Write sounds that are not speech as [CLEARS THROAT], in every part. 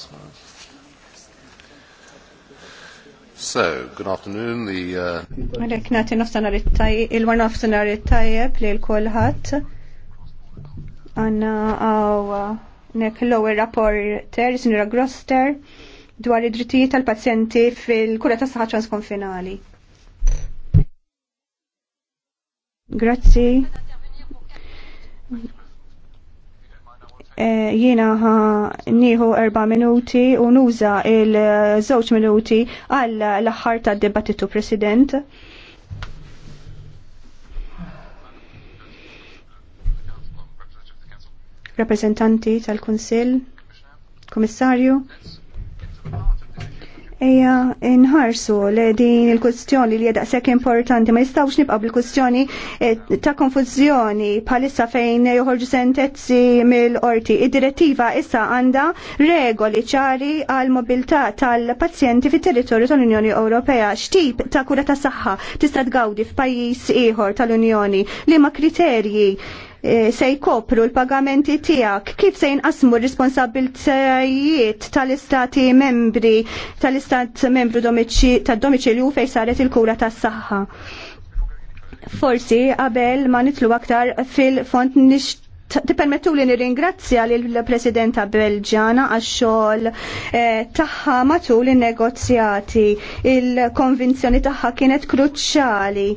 this morning. So, good afternoon. The uh Alek nati nofsenar it-tajjeb, il-war nofsenar it-tajjeb li l-kolħat. Għanna aw uh, nek lower ewwel rapporter, Sinra Groster, dwar id-drittijiet tal-pazjenti fil-kura ta' saħħa transkonfinali. Grazzi. Eh, jiena nieħu erba' minuti u nuża il-żewġ minuti għal l-aħħar tad-dibattitu President. Rappresentanti tal-Kunsill, Kommissarju. Eja, nħarsu li din il-kustjoni li jeda sekk importanti, ma jistawx nibqa' bil-kustjoni eh, ta' konfuzjoni palissa fejn joħorġu sentezzi mill-orti. Id-direttiva issa għanda regoli ċari għal mobilità tal-pazjenti fit territorju tal-Unjoni Ewropea. X'tip ta' kura ta' saħħa tista' tgawdi f'pajjiż ieħor tal-Unjoni li ma' kriterji E, se jkopru l-pagamenti tiegħek, kif se jinqasmu r-responsabiltajiet tal-istati membri tal-istat membru tad-domiċilju fejn saret il-kura tas-saħħa. Forsi qabel ma nitlu aktar fil-font nixtieq Tippermettu li nirringrazzja l-Presidenta Belġana għax-xogħol e, tagħha matul in-negozjati. Il-konvinzjoni tagħha kienet kruċjali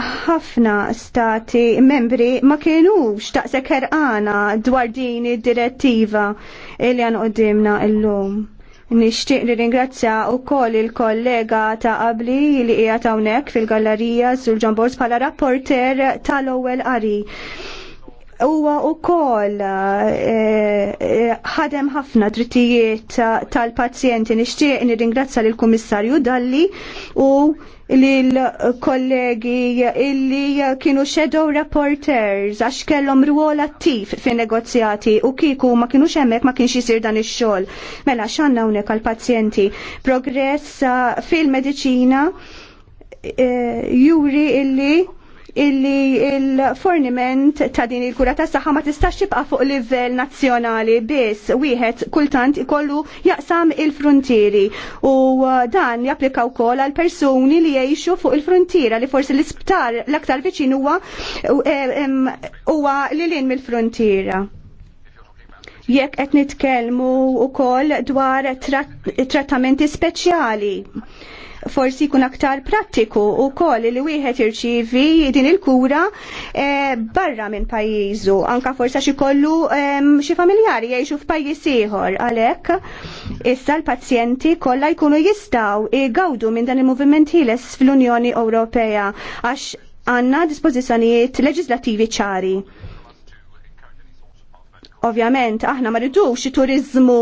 ħafna stati membri ma kienux taqsek ħerqana dwar din id-direttiva li għan qoddimna l-lum. Nishtiq li ringrazzja u koll il-kollega ta' qabli li hija hawnhekk fil-gallerija sur ġambors bħala rapporter tal-ewwel qari huwa wkoll eh, ħadem ħafna drittijiet tal-pazjenti nixtieq nirringrazzja lill-Kummissarju Dalli u l-kollegi illi kienu shadow reporters għax kellhom rwol attiv fin negozjati u kiku ma kienu hemmhekk ma kienx jisir dan ix-xogħol. Mela x'għandna hawnhekk għall-pazjenti progress uh, fil-mediċina eh, juri illi illi il-forniment ta' din il-kura ta' saħħa ma tistax tibqa' fuq livell nazzjonali biss wieħed kultant ikollu jaqsam il-frontieri u uh, dan japplika wkoll għal persuni li jgħixu fuq il-frontiera li forsi l-isptar l-aktar viċin huwa eh, huwa lilin mill-frontiera jekk qed nitkellmu wkoll dwar trattamenti speċjali forsi jkun aktar prattiku u kol li wieħed irċivi din il-kura e, barra minn pajjiżu, anka forsa xi kollu ehm, xi familjari jgħixu f'pajjiż ieħor għalhekk issa l-pazjenti kollha jkunu jistgħu igawdu minn dan il-moviment ħieles fl-Unjoni Ewropea għax għandna dispożizzjonijiet leġislattivi ċari Ovvjament, aħna ma ridux turizmu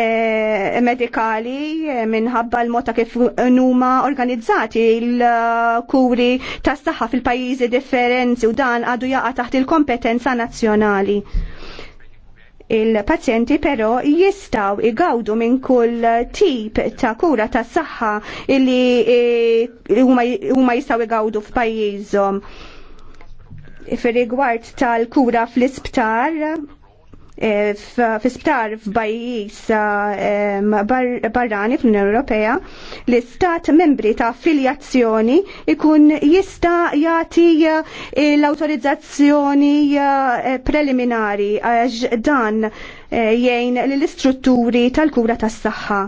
e, medikali eh, minħabba l-mota kif numa organizzati l-kuri tas saħħa fil-pajizi differenzi u dan għadu jaqa taħt il-kompetenza nazzjonali. Il-pazjenti però jistaw igawdu minn kull tip ta' kura tas saħħa illi eh, huma jistaw igawdu f'pajjiżhom. Fir rigward tal-kura fl-isptar, Eh, f-bajis eh, barrani fl-Unjoni Ewropea l-istat membri ta' affiljazzjoni ikun jista' jagħti eh, l-awtorizzazzjoni preliminari għax dan jgħin l-istrutturi tal-kura tas-saħħa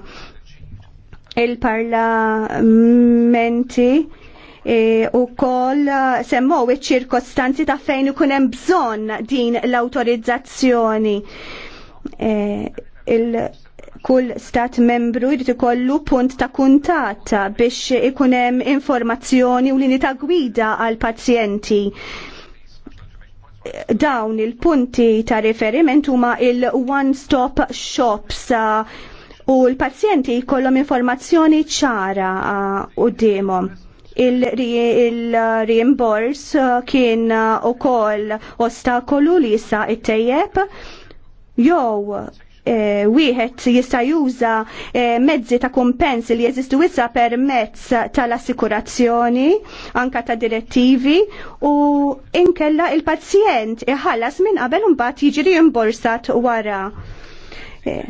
il-parlamenti E, u kol uh, semmow iċ-ċirkostanzi ta' fejn ikun hemm bżonn din l-awtorizzazzjoni. E, kull stat membru jrid ikollu punt ta' kuntat biex ikun hemm informazzjoni u lini ta' gwida għal pazjenti dawn il-punti ta' riferiment huma il-one-stop shops uh, u l-pazjenti jkollhom informazzjoni ċara u uh, demo il reimburs uh, kien u uh, koll ostakolu li jissa it-tejjeb jew eh, wieħed jista' juża eh, mezzi ta' kumpens li jeżistu issa permezz tal-assikurazzjoni, anka ta' direttivi, u inkella il-pazjent iħallas minn qabel mbagħad jiġi rimborsat wara. Eh,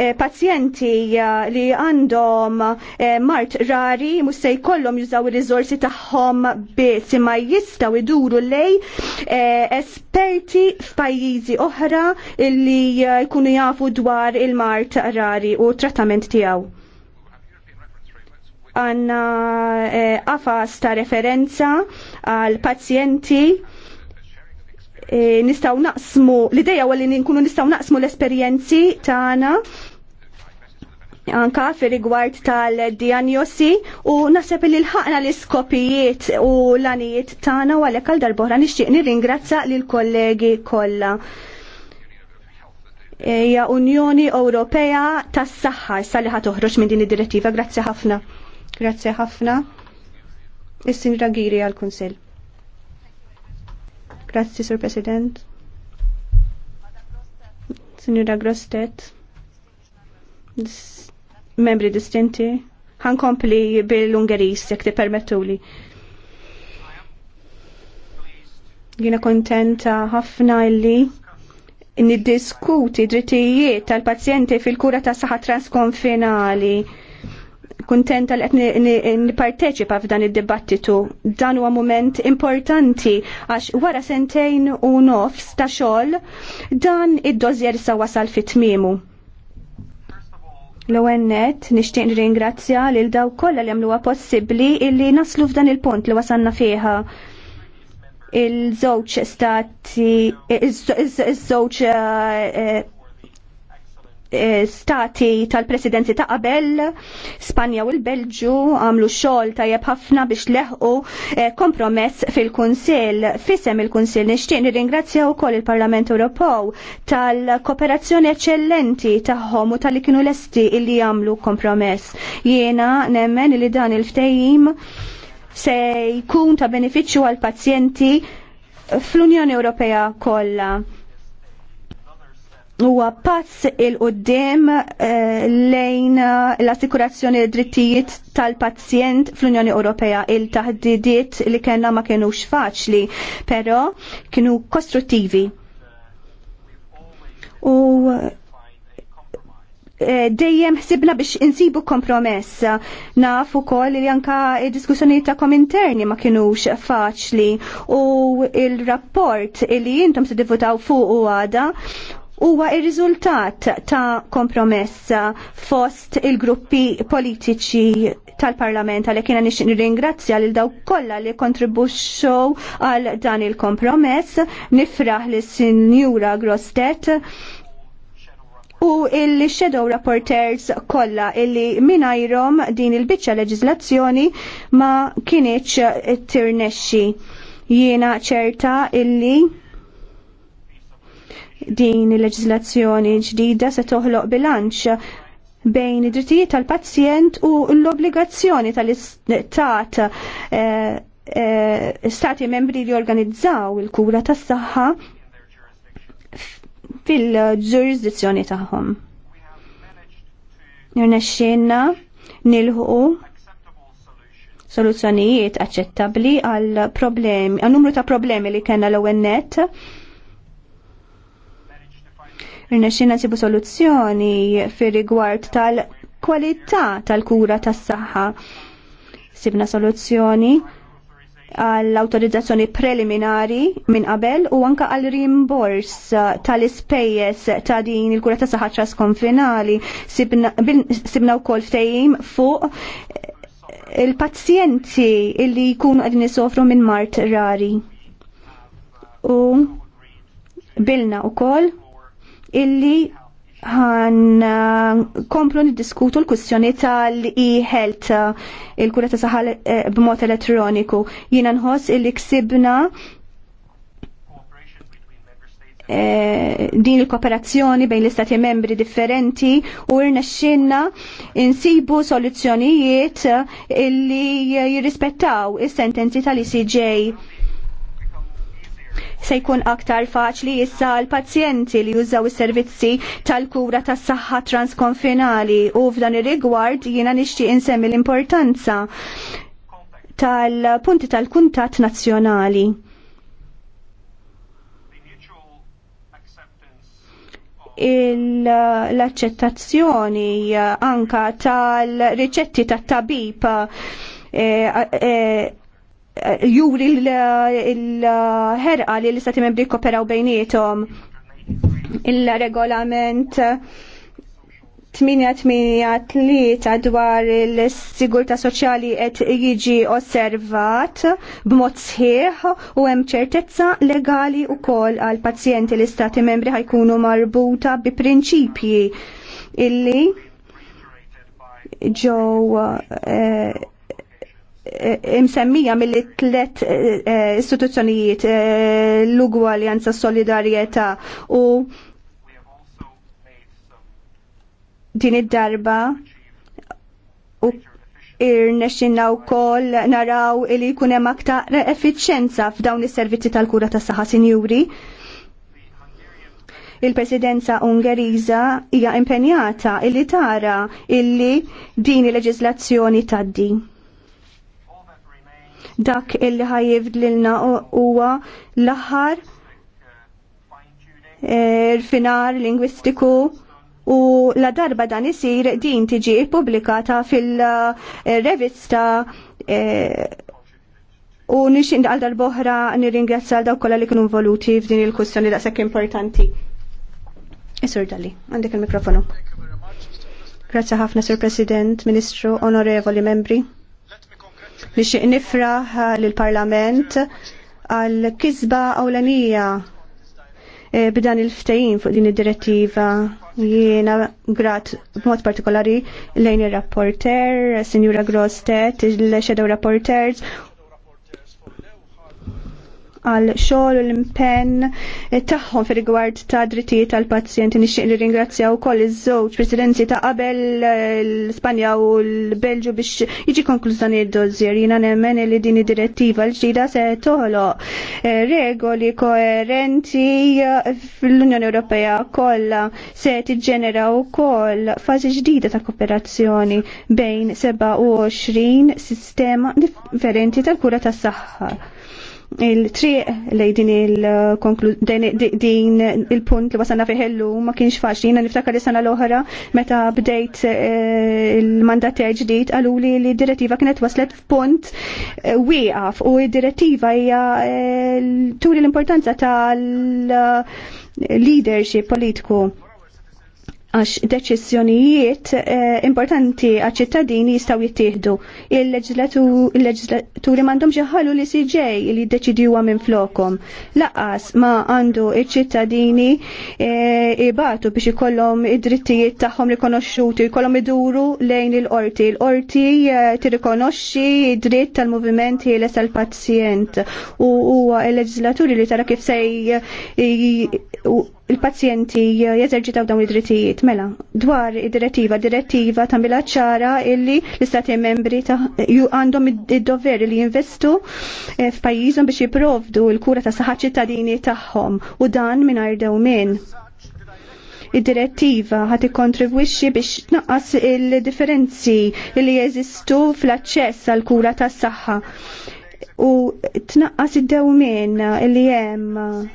Eh, pazjenti eh, li għandhom eh, mart rari musse se jkollhom jużaw ir rizorsi tagħhom biss imma jistgħu iduru lej esperti f'pajjiżi oħra li jkunu jafu dwar il-mart rari u trattament tiegħu għanna għafas ta' referenza għal pazjenti nistaw naqsmu, l-ideja għalli nkunu nistaw naqsmu l-esperienzi ta' għana anka fir-rigward tal-diagnosi u nasab li l ħakna l-iskopijiet u l-anijiet tagħna u għalek għal darbohra nixtieq nirringrazza l kollegi kollha Ja Unjoni Ewropea tas-saħħa issa li ħad toħroġ minn din id-direttiva. Grazie ħafna. Grazie ħafna. Is-Sinjra Giri għall Grazie, Grazzi, Sur President. Signora Grostet membri distinti, ħankompli bil-Ungeris, jek ti permettuli. Għina kontenta ħafna illi niddiskuti drittijiet tal-pazjenti fil-kura ta' saħħa transkonfinali. Kuntenta li qed nipparteċipa f'dan id-dibattitu. Dan huwa mument importanti għax wara sentejn u nofs ta' xogħol dan id dozjer sa wasal fit-tmiemu L-ONET nixtieq ringrazzja lil daw kollha li għamluwa possibbli illi naslu f'dan il-punt li wasanna fiha il-żewġ stati, il-żewġ Eh, stati tal-presidenzi ta' qabel, Spanja u l-Belġu għamlu xogħol tajjeb ħafna biex leħu eh, kompromess fil-Kunsill. Fisem il-Kunsill nixtieq nirringrazzja wkoll il-Parlament Ewropew tal-kooperazzjoni eċċellenti tagħhom u tal-li kienu lesti illi jagħmlu kompromess. Jiena nemmen li dan il-ftehim se jkun ta' benefiċċju għal pazjenti fl-Unjoni Ewropea kollha huwa pass il-qoddim eh, lejn eh, l-assikurazzjoni drittijiet tal-pazjent fl-Unjoni Ewropea il-taħdidiet li kellna ma kienux faċli, però kienu kostruttivi. U eh, dejjem ħsibna biex insibu kompromess. Naf ukoll li anka diskussjonijiet ta' interni ma kinux faċli u il-rapport li intom se divutaw fuq u għada huwa ir-riżultat ta' kompromess fost il-gruppi politiċi tal-Parlament għalhekk jiena nixtieq nirringrazzja lil dawk kollha li kontribwixxew għal dan il-kompromess, nifraħ lis sinjura Grostet u il-Shadow Rapporters kollha illi minajrom din il-biċċa leġiżlazzjoni ma kienieċ tirnexxi. Jiena ċerta illi din il-leġislazzjoni ġdida se toħloq bilanċ bejn id-drittijiet tal-pazjent u l-obbligazzjoni tal-istat eh, eh, stati membri li organizzaw il-kura tas-saħħa fil-ġurisdizzjoni tagħhom. Nirnexxinna nilħu soluzzjonijiet aċċettabbli għal problemi, għal numru ta' problemi li kena l net Rinexxina sibu soluzzjoni fir rigward tal-kwalità tal-kura tas-saħħa. Sibna soluzzjoni għall-autorizzazzjoni preliminari minn qabel u anka għall rimbors tal-ispejjeż ta' din il-kura ta' saħħa konfinali sibna wkoll ftejim fuq il-pazjenti illi jkunu qegħdin isofru minn mart rari. U bilna wkoll illi għan uh, komplu niddiskutu l-kwistjoni tal-e-health uh, il-kura ta' saħal uh, b'mod elettroniku. Jiena nħoss illi ksibna din il-kooperazzjoni bejn l-istati membri differenti u xinna insibu soluzzjonijiet illi jirrispettaw is-sentenzi tal-ICJ se jkun aktar faċli issa l-pazjenti li jużaw is-servizzi tal-kura tas-saħħa transkonfinali u f'dan ir-rigward jiena nixtieq insemmi l-importanza tal-punti tal-kuntat nazzjonali. l-accettazzjoni eh, anka tal-riċetti tat-tabib eh, eh, juri l-ħerqa li l-istati membri koperaw bejnietom il-regolament 883 dwar il-sigurta soċjali qed jiġi osservat b'mod sħiħ u hemm ċertezza legali wkoll għal pazjenti l-istati membri ħajkunu marbuta bi prinċipji illi ġew eh, imsemmija mill tlet eh, eh, istituzzjonijiet eh, l-ugwaljanza solidarjetà u din id-darba u irnexxinna wkoll naraw li jkun hemm aktar effiċjenza f'dawn is-servizzi tal-kura tas-saħħa sinjuri. Il-Presidenza Ungeriża hija impenjata illi tara illi din il-leġiżlazzjoni tgħaddi dak illi ħajjibdlilna huwa l-aħħar eh, finar lingwistiku u la darba dan isir din tiġi ippubblikata fil-revista eh, u nixin indaqal darbohra boħra nir-ingrazzal daw kolla li kienu involuti f'din il-kussjoni daqshekk importanti. Isur Dalli, għandek il-mikrofonu. Grazie ħafna, Sur President, Ministru, Onorevoli Membri. Nixtieq nifraħ lill-Parlament għal kisba awlanija eh, b'dan il ftajin fuq din id-direttiva jiena grat b'mod partikolari lejn ir rapporter Sinjura Grostet, il-Shadow Rapporters għal xogħol u l-impenn tagħhom fir-rigward ta' drittijiet tal-pazjenti nixtieq li wkoll iż-żewġ presidenzi ta' qabel l-Ispanja u l-Belġu biex jiġi konklużjoni d-dożjer jiena nemmen li din id-direttiva l-ġdida se toħloq eh, regoli koerenti fl-Unjoni Ewropea kollha se tiġġenera wkoll fażi ġdida ta' kooperazzjoni bejn 27 sistema differenti tal-kura tas-saħħa il-triq li din il-punt li wasanna fiħellu ma kienx faċli. Jina niftakar li sana l-oħra meta bdejt eh, il-mandat ġdid għalu li l-direttiva kienet waslet f'punt eh, wieqaf u id-direttiva hija eh, turi l-importanza tal-leadership politiku għax deċizjonijiet eh, importanti għax ċittadini jistaw jittieħdu. Il-leġislaturi mandom ġeħalu li CJ li deċidiju minn flokom. Laqas ma għandu iċ-ċittadini eh, ibatu biex ikollhom id-drittijiet tagħhom rikonoxxuti, jkollhom iduru lejn il-qorti. Il-qorti eh, tirrikonoxxi id-dritt tal movimenti l-esal pazjent u huwa il-leġislaturi li tara kif se il-pazjenti jeżerġitaw dawn id-drittijiet. Mela, dwar id-direttiva, direttiva ta' mela ċara illi l-istati membri għandhom id-dover li jinvestu eh, f'pajjiżhom biex jiprovdu l-kura ta' saħħa ċittadini tagħhom u dan mingħajr dewmien. Id-direttiva ħati ikkontribwixxi biex tnaqqas il-differenzi li jeżistu fl-aċċess għall kura tas saħħa u tnaqqas id-dewmien li hemm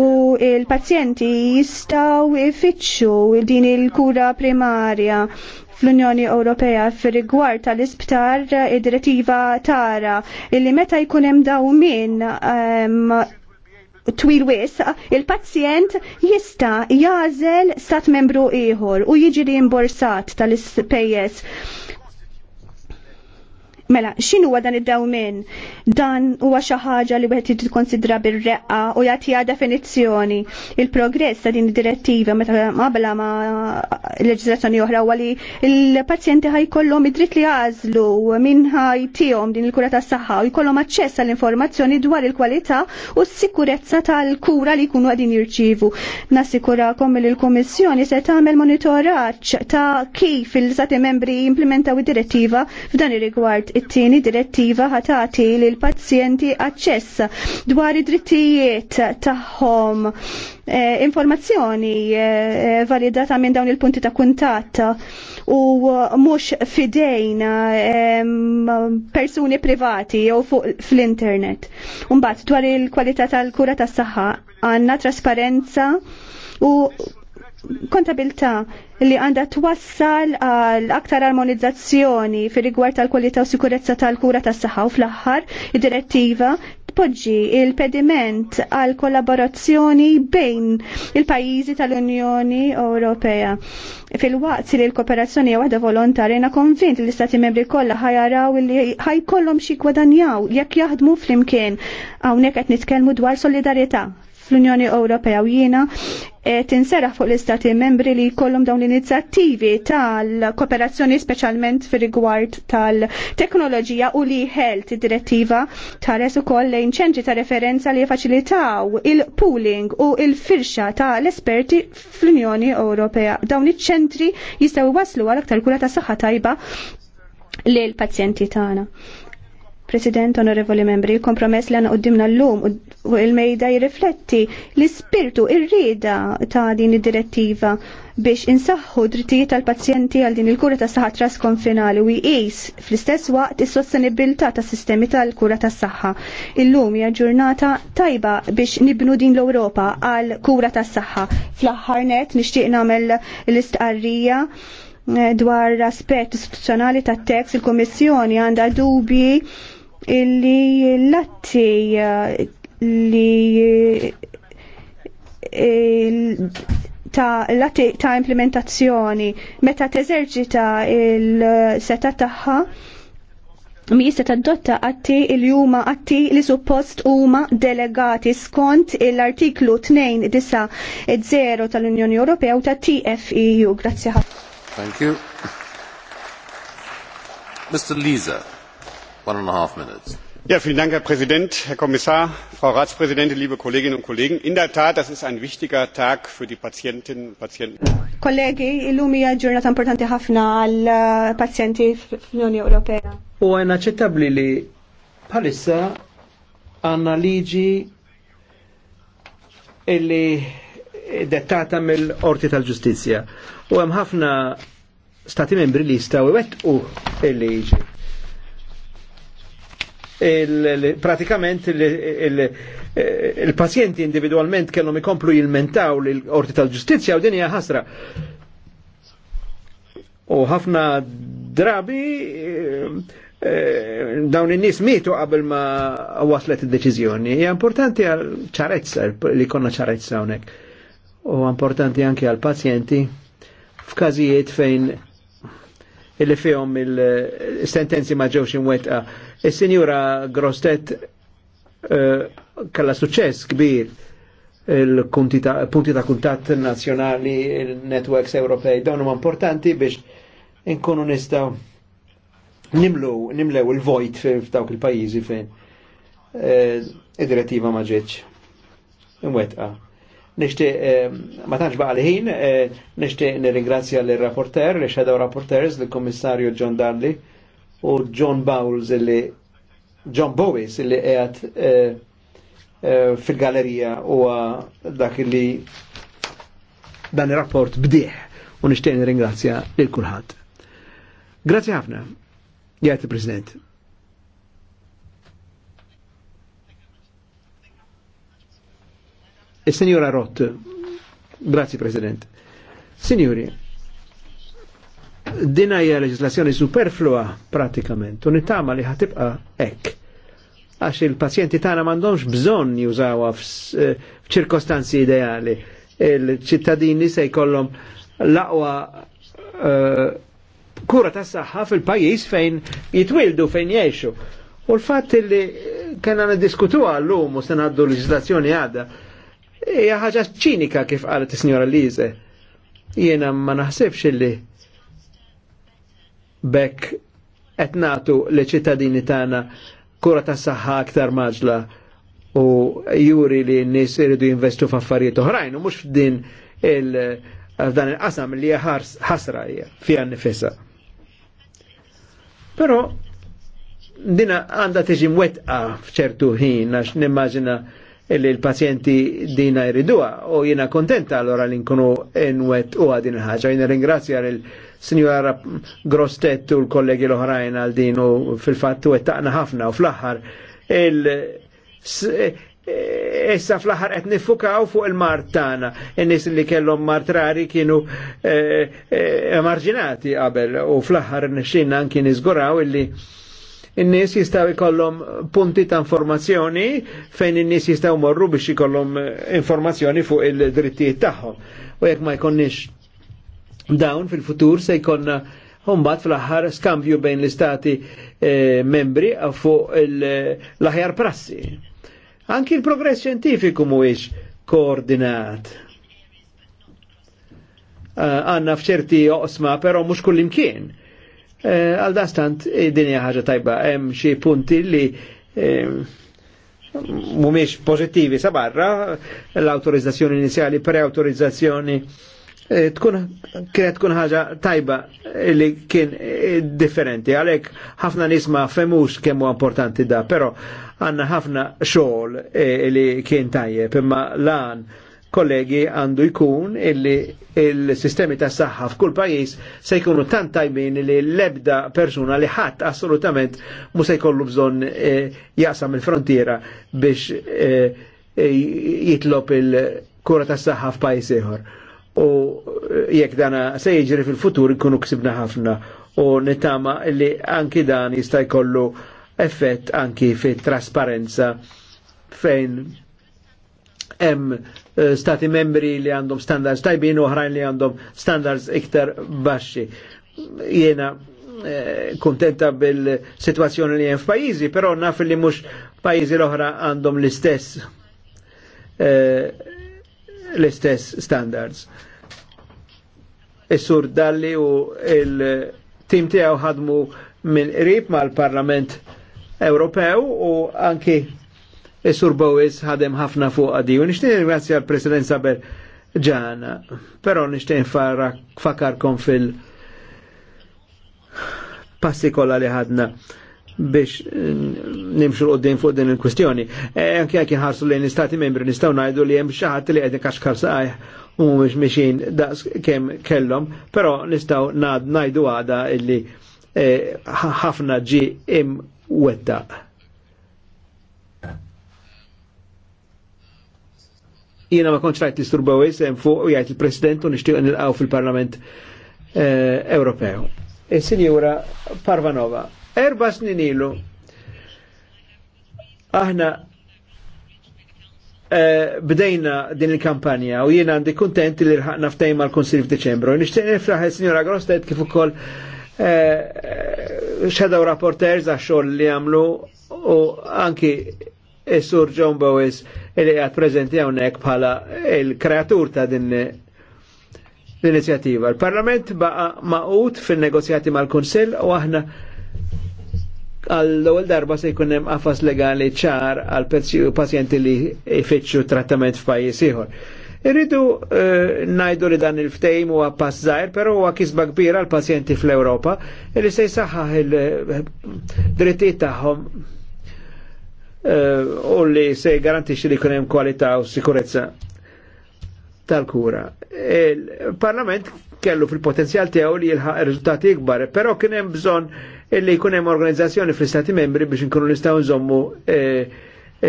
u il-pazjenti jistaw ifittxu din il-kura primarja fl-Unjoni Ewropea fir-rigward tal-isptar id-direttiva tara illi meta jkun hemm dawmin um, twil wis, il-pazjent jista jażel stat membru ieħor u jiġi rimborsat tal-ispejjeż Mela, xinu dan id dawmen Dan huwa xi ħaġa li wieħed konsidra bir-reqqa u jagħtiha definizzjoni. Il-progress ta' din id-direttiva meta qabla ma' leġiżlazzjoni oħra huwa li l-pazjenti ħajkollhom id-dritt li jażlu min ħajtihom din il-kura tas-saħħa u jkollhom aċċess għall-informazzjoni dwar il-kwalità u s-sikurezza tal-kura li jkunu għadin jirċievu. Nassikurakom li l-Kummissjoni se tagħmel monitoraġġ ta' kif il sati membri implementaw id-direttiva f'dan ir-rigward it-tieni direttiva ħatati li l-pazjenti aċċess dwar id-drittijiet tagħhom e, informazzjoni e, e, validata minn dawn il-punti ta' kuntatt u mhux fidejn persuni privati jew fuq fl-internet. Mbagħad dwar il-kwalità tal-kura tas-saħħa għandna trasparenza u kontabilta li għanda twassal għal aktar armonizzazzjoni fi rigward tal-kwalità u sikurezza tal-kura tas-saħħa u fl-aħħar id-direttiva tpoġġi il-pediment għal kollaborazzjoni bejn il-pajjiżi tal-Unjoni Ewropea. Fil-waqt li l-kooperazzjoni hija waħda volontarja konvint li l-Istati Membri kollha ħajaraw li ħajkollhom xi gwadanjaw jekk jaħdmu flimkien hawnhekk qed nitkellmu dwar solidarjetà fl-Unjoni Ewropea u jiena tinseraħ fuq l-istati membri li kollum dawn l-inizjattivi tal-kooperazzjoni specialment fir rigward tal-teknoloġija u li health direttiva tares ukoll lejn ċentri ta' referenza li faċilitaw il-pooling u il-firxa tal-esperti fl-Unjoni Ewropea. Dawn iċ-ċentri jistgħu waslu għal aktar kura ta' saħħa tajba lil pazjenti tagħna. President, onorevoli membri, kompromess li għana qoddimna l-lum u il-mejda jirrifletti l-spirtu irrida ta' din id-direttiva biex insaħħu drittijiet tal-pazjenti għal din il-kura ta' saħħa trasconfinali u jqis fl-istess waqt is-sostenibilità tas sistemi tal-kura ta' saħħa. Illum hija ġurnata tajba biex nibnu din l-Ewropa għal kura ta' saħħa. Fl-aħħar net nixtieq nagħmel l-istqarrija eh, dwar aspett istituzzjonali tat-tekst il-Kummissjoni għandha dubji illi l-atti li ta' latti ta' implementazzjoni meta teżerġita il-seta tagħha mi jista tadotta għatti il-juma għatti li suppost huma delegati skont l-artiklu 290 tal-Unjoni Ewropea u ta' TFEU. Grazie. ħafna. Thank you. Mr. Lisa herr präsident herr kommissar frau ratspräsidentin liebe kolleginnen und kollegen! in der tat das ist ein wichtiger tag für die patientinnen und patienten. kollegi illum hija ġurnata importanti ħafna għall eh, pazjenti fl-unjoni ewropea. u għajna aċċettabbli li bħalissa għanna liġi illi dettata mill-qorti tal-ġustizzja u hemm ħafna stati membri li jistgħu iwettqu il-liġi pratikament il-pazjenti individualment kellhom ikomplu jilmentaw l-orti tal-ġustizja u dinja ħasra. U ħafna drabi eh, eh, dawn in-nies mietu qabel ma waslet id-deċiżjoni. Hija importanti għal ċarezza li konna ċarezza hawnhekk. U importanti anke għal pazjenti f'każijiet fejn illi fihom il-sentenzi eh, ma ġewx imwetqa. Is-Sinjura Grostet eh, kalla suċċess kbir il-punti ta' kuntatt nazzjonali, il-networks Ewropej, dawn huma importanti biex inkunu nistaw nimlu, nimlew il-vojt f'dawk il-pajjiżi fejn eh, id-direttiva ma ġietx imwetqa. Nishti, eh, ma tanċ baqa ħin, eh, nishti nirringrazzja l-rapporter, l shadow rapporters, l-Kommissarju John Darley u John Bowles, illi John Bowes, li għed fil galerija u dak li dan il-rapport bdieħ u nishtiq ringrazzja l kulħadd. Grazzi ħafna, jgħid il-President. Il-Senjora Rott, grazie President. Signori, dina hija leġislazzjoni superflua pratikament, u nittama li ħatibqa ek. Għax il-pazjenti tagħna m'għandhomx bżonn jużawha eh, f'ċirkostanzi ideali. Il-ċittadini se jkollhom laqwa eh, kura ta' saħħa fil pajis fejn jitwildu fejn jiexu. U l-fatt li kena diskutuha llum u se ngħaddu leġislazzjoni għadha Ija ħaġa ċinika kif qalet is-Sinjora Lize. Jiena ma naħsibx illi bekk qed nagħtu li ċittadini tagħna kura ta' saħħa aktar maġla u juri li n nis iridu jinvestu f'affarijiet oħrajn u mhux f'din il dan il-qasam li hija ħasra hija fiha nifisha. Però dina għandha tiġi mwettqa f'ċertu ħin għax nimmaġina illi l-pazjenti dina jriduha u jina kontenta allora li nkunu nwet u għadin ħaġa. Jina ringrazzja l-Sinjora Grostet u l-kollegi l-oħrajn għal din u fil fattu u għettaqna ħafna u fl-axħar Issa fl-aħħar qed nifukaw fuq il-mart tagħna. In-nies li kellhom mart rari kienu eh, eh, emarġinati qabel u fl-aħħar nixxinna kien niżguraw illi in-nies jistgħu jkollhom punti ta' informazzjoni fejn in-nies jistgħu morru biex jkollhom eh, informazzjoni fuq il-drittijiet tagħhom. U jekk ma jkollniex dawn fil-futur se jkollna Umbat fl-aħħar skambju bejn l-istati eh, membri fuq l-aħjar prassi. Anki l progress xjentifiku mhuwiex koordinat. Eh, għanna uh, fċerti oqsma, pero mhux kullimkien. Eh, għal dastant eh, dinja ħaġa tajba hemm xi punti li eh, mumiex pozittivi sa barra l-autorizzazzjoni inizjali pre-autorizzazzjoni tkun kienet tkun ħaġa tajba li kien differenti għalek ħafna nisma femux kemmu importanti da pero għanna ħafna xogħol li kien tajjeb imma lan kollegi għandu jkun illi il-sistemi ta' saħħa f'kull pajis se jkunu tant tajbin li l-ebda persuna li ħadd assolutament mu se jkollu bżonn e, jaqsam il-frontiera biex e, e, jitlob il-kura ta' saħħa f'pajis ieħor. U jekk dana se jiġri fil-futur jkunu ksibna ħafna u nitama li anki dan jista' jkollu effett anki fit-trasparenza fejn hemm Eh, stati membri li għandhom standards tajbin u oħrajn li għandhom standards iktar baxxi. Jena eh, kontenta bil-situazzjoni li jen f'pajizi, pero naf li mux pajizi l-oħra għandhom l-istess eh, l-istess standards. Is-sur Dalli u il-tim tiegħu ħadmu minn qrib mal-Parlament Ewropew u anki Sur Bowis ħadem ħafna fuq għadi u nishtin ringrazzja l-President Saber ġana, però nishtin fakarkom fil- passi kolla li ħadna biex eh, nimxu l fuq din il-kwestjoni. E, anke ħarsu li lejn istati membri nistgħu ngħidu li hemm xi ħadd li qegħdin kaxkar saqajh u mux mixin daqs kemm kellhom, però nistgħu ngħidu għada illi eh, ħafna ġi im wetta. Jiena ma konċ rajt l-Istur Bowis hemm fuq u jajt il-President u nishtiq nixtieq għaw fil-Parlament eh, Ewropew. Is-Sinjura e, Parvanova, erba' snin ilu aħna eh, bdejna din il-kampanja u jiena għandi kontent li rħaqna ftejma l-Konsil f'Deċembru. E, nishtiq nifraħ il-Sinjora Grosted kif ukoll uh, shadow rapporters għax xogħol li għamlu u anki Sur John Bowes li għad prezenti għonek bħala il-kreatur ta' din l-inizjativa. Il-Parlament baqa maqut fil-negozjati mal kunsell u aħna għall-ewwel darba se jkun hemm qafas legali ċar għal pazjenti li jfittxu trattament f'pajjiż ieħor. Irridu eh, najdu li dan il-ftejm huwa pass żgħir, però huwa kisba kbira għal pazjenti fl-Ewropa li se jsaħħaħ il-drittijiet eh, tagħhom Eh, u li se garantixi li kunem kualità u sikurezza tal-kura. Il-Parlament kellu fil-potenzjal tiegħu li jilħaq riżultati ikbar, però kien hemm bżonn illi jkun hemm organizzazzjoni fl-Istati membri biex inkunu nistgħu nżommu eh,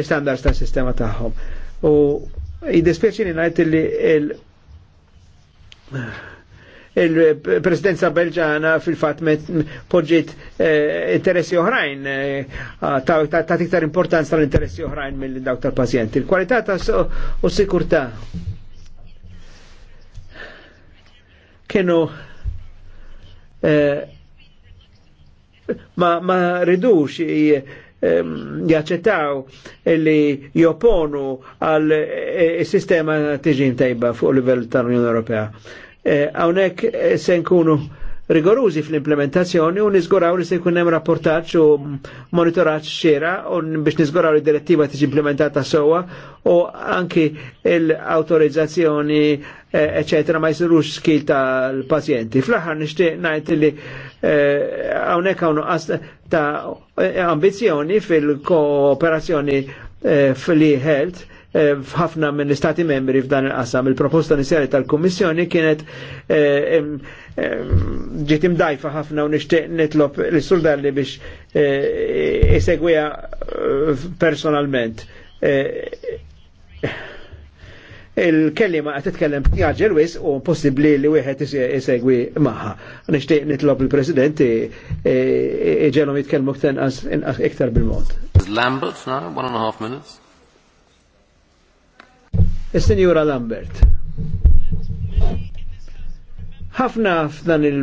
standards tas sistema tagħhom. U jiddispjaċini ngħid li il-presidenza belġana fil-fat poġġiet eh, interessi oħrajn, eh, ta' tiktar importanza l-interessi oħrajn mill dawk tal-pazjenti. Il-kwalità ta' u sikurtà kienu eh, ma ridux ehm, jaċċettaw li jopponu għal sistema tiġin tajba fuq livell tal-Unjoni Ewropea. Eh, hawnhekk eh, se nkunu rigorużi fl-implementazzjoni u nizguraw li se jkun hemm rapportaġġ u monitoraġġ xiera u biex nizguraw li direttiva tiġi implementata sewwa u anki l-autorizzazzjoni eccetera eh, ma jsirux skil tal-pazjenti. Fl-aħħar nixtieq ngħid li eh, hawnhekk hawn ta' ambizzjoni fil-kooperazzjoni fil-health Eh, f'ħafna minn istati membri f'dan il-qasam. Il-proposta nisjali tal-Kummissjoni kienet eh, ġiet imdajfa ħafna u nixtieq nitlob l-surdalli biex eh, isegwija personalment. Il-kellima qed titkellem jaġel wis u possibbli li wieħed isegwi maħħa. Nixtieq nitlob il-President iġelhom jitkellmu iktar bil-mod. Lambert, one and a half minutes. Is-Sinjura Lambert. Ħafna f'dan il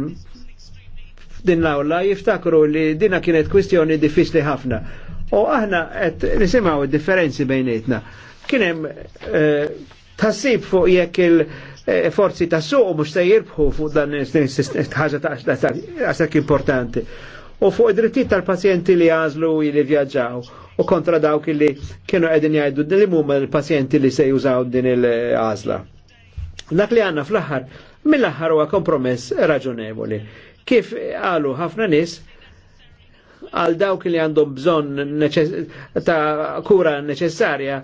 din l-awla jiftakru li dina kienet kwistjoni diffiċli ħafna. U aħna qed nisimgħu differenzi bejnietna. Kien hemm tassib fuq jekk il-forzi ta' suq mhux se jirbħu fuq dan ħaġa ta' importanti. U fuq id-drittijiet tal-pazjenti li jażlu li vjaġġaw u kontra dawk li kienu qegħdin jgħidu li huma l-pazjenti li se jużaw din il-għażla. Dak li għandna fl-aħħar mill-aħħar huwa kompromess raġunevoli. Kif għalu ħafna nies għal dawk li għandhom bżonn ta' kura neċessarja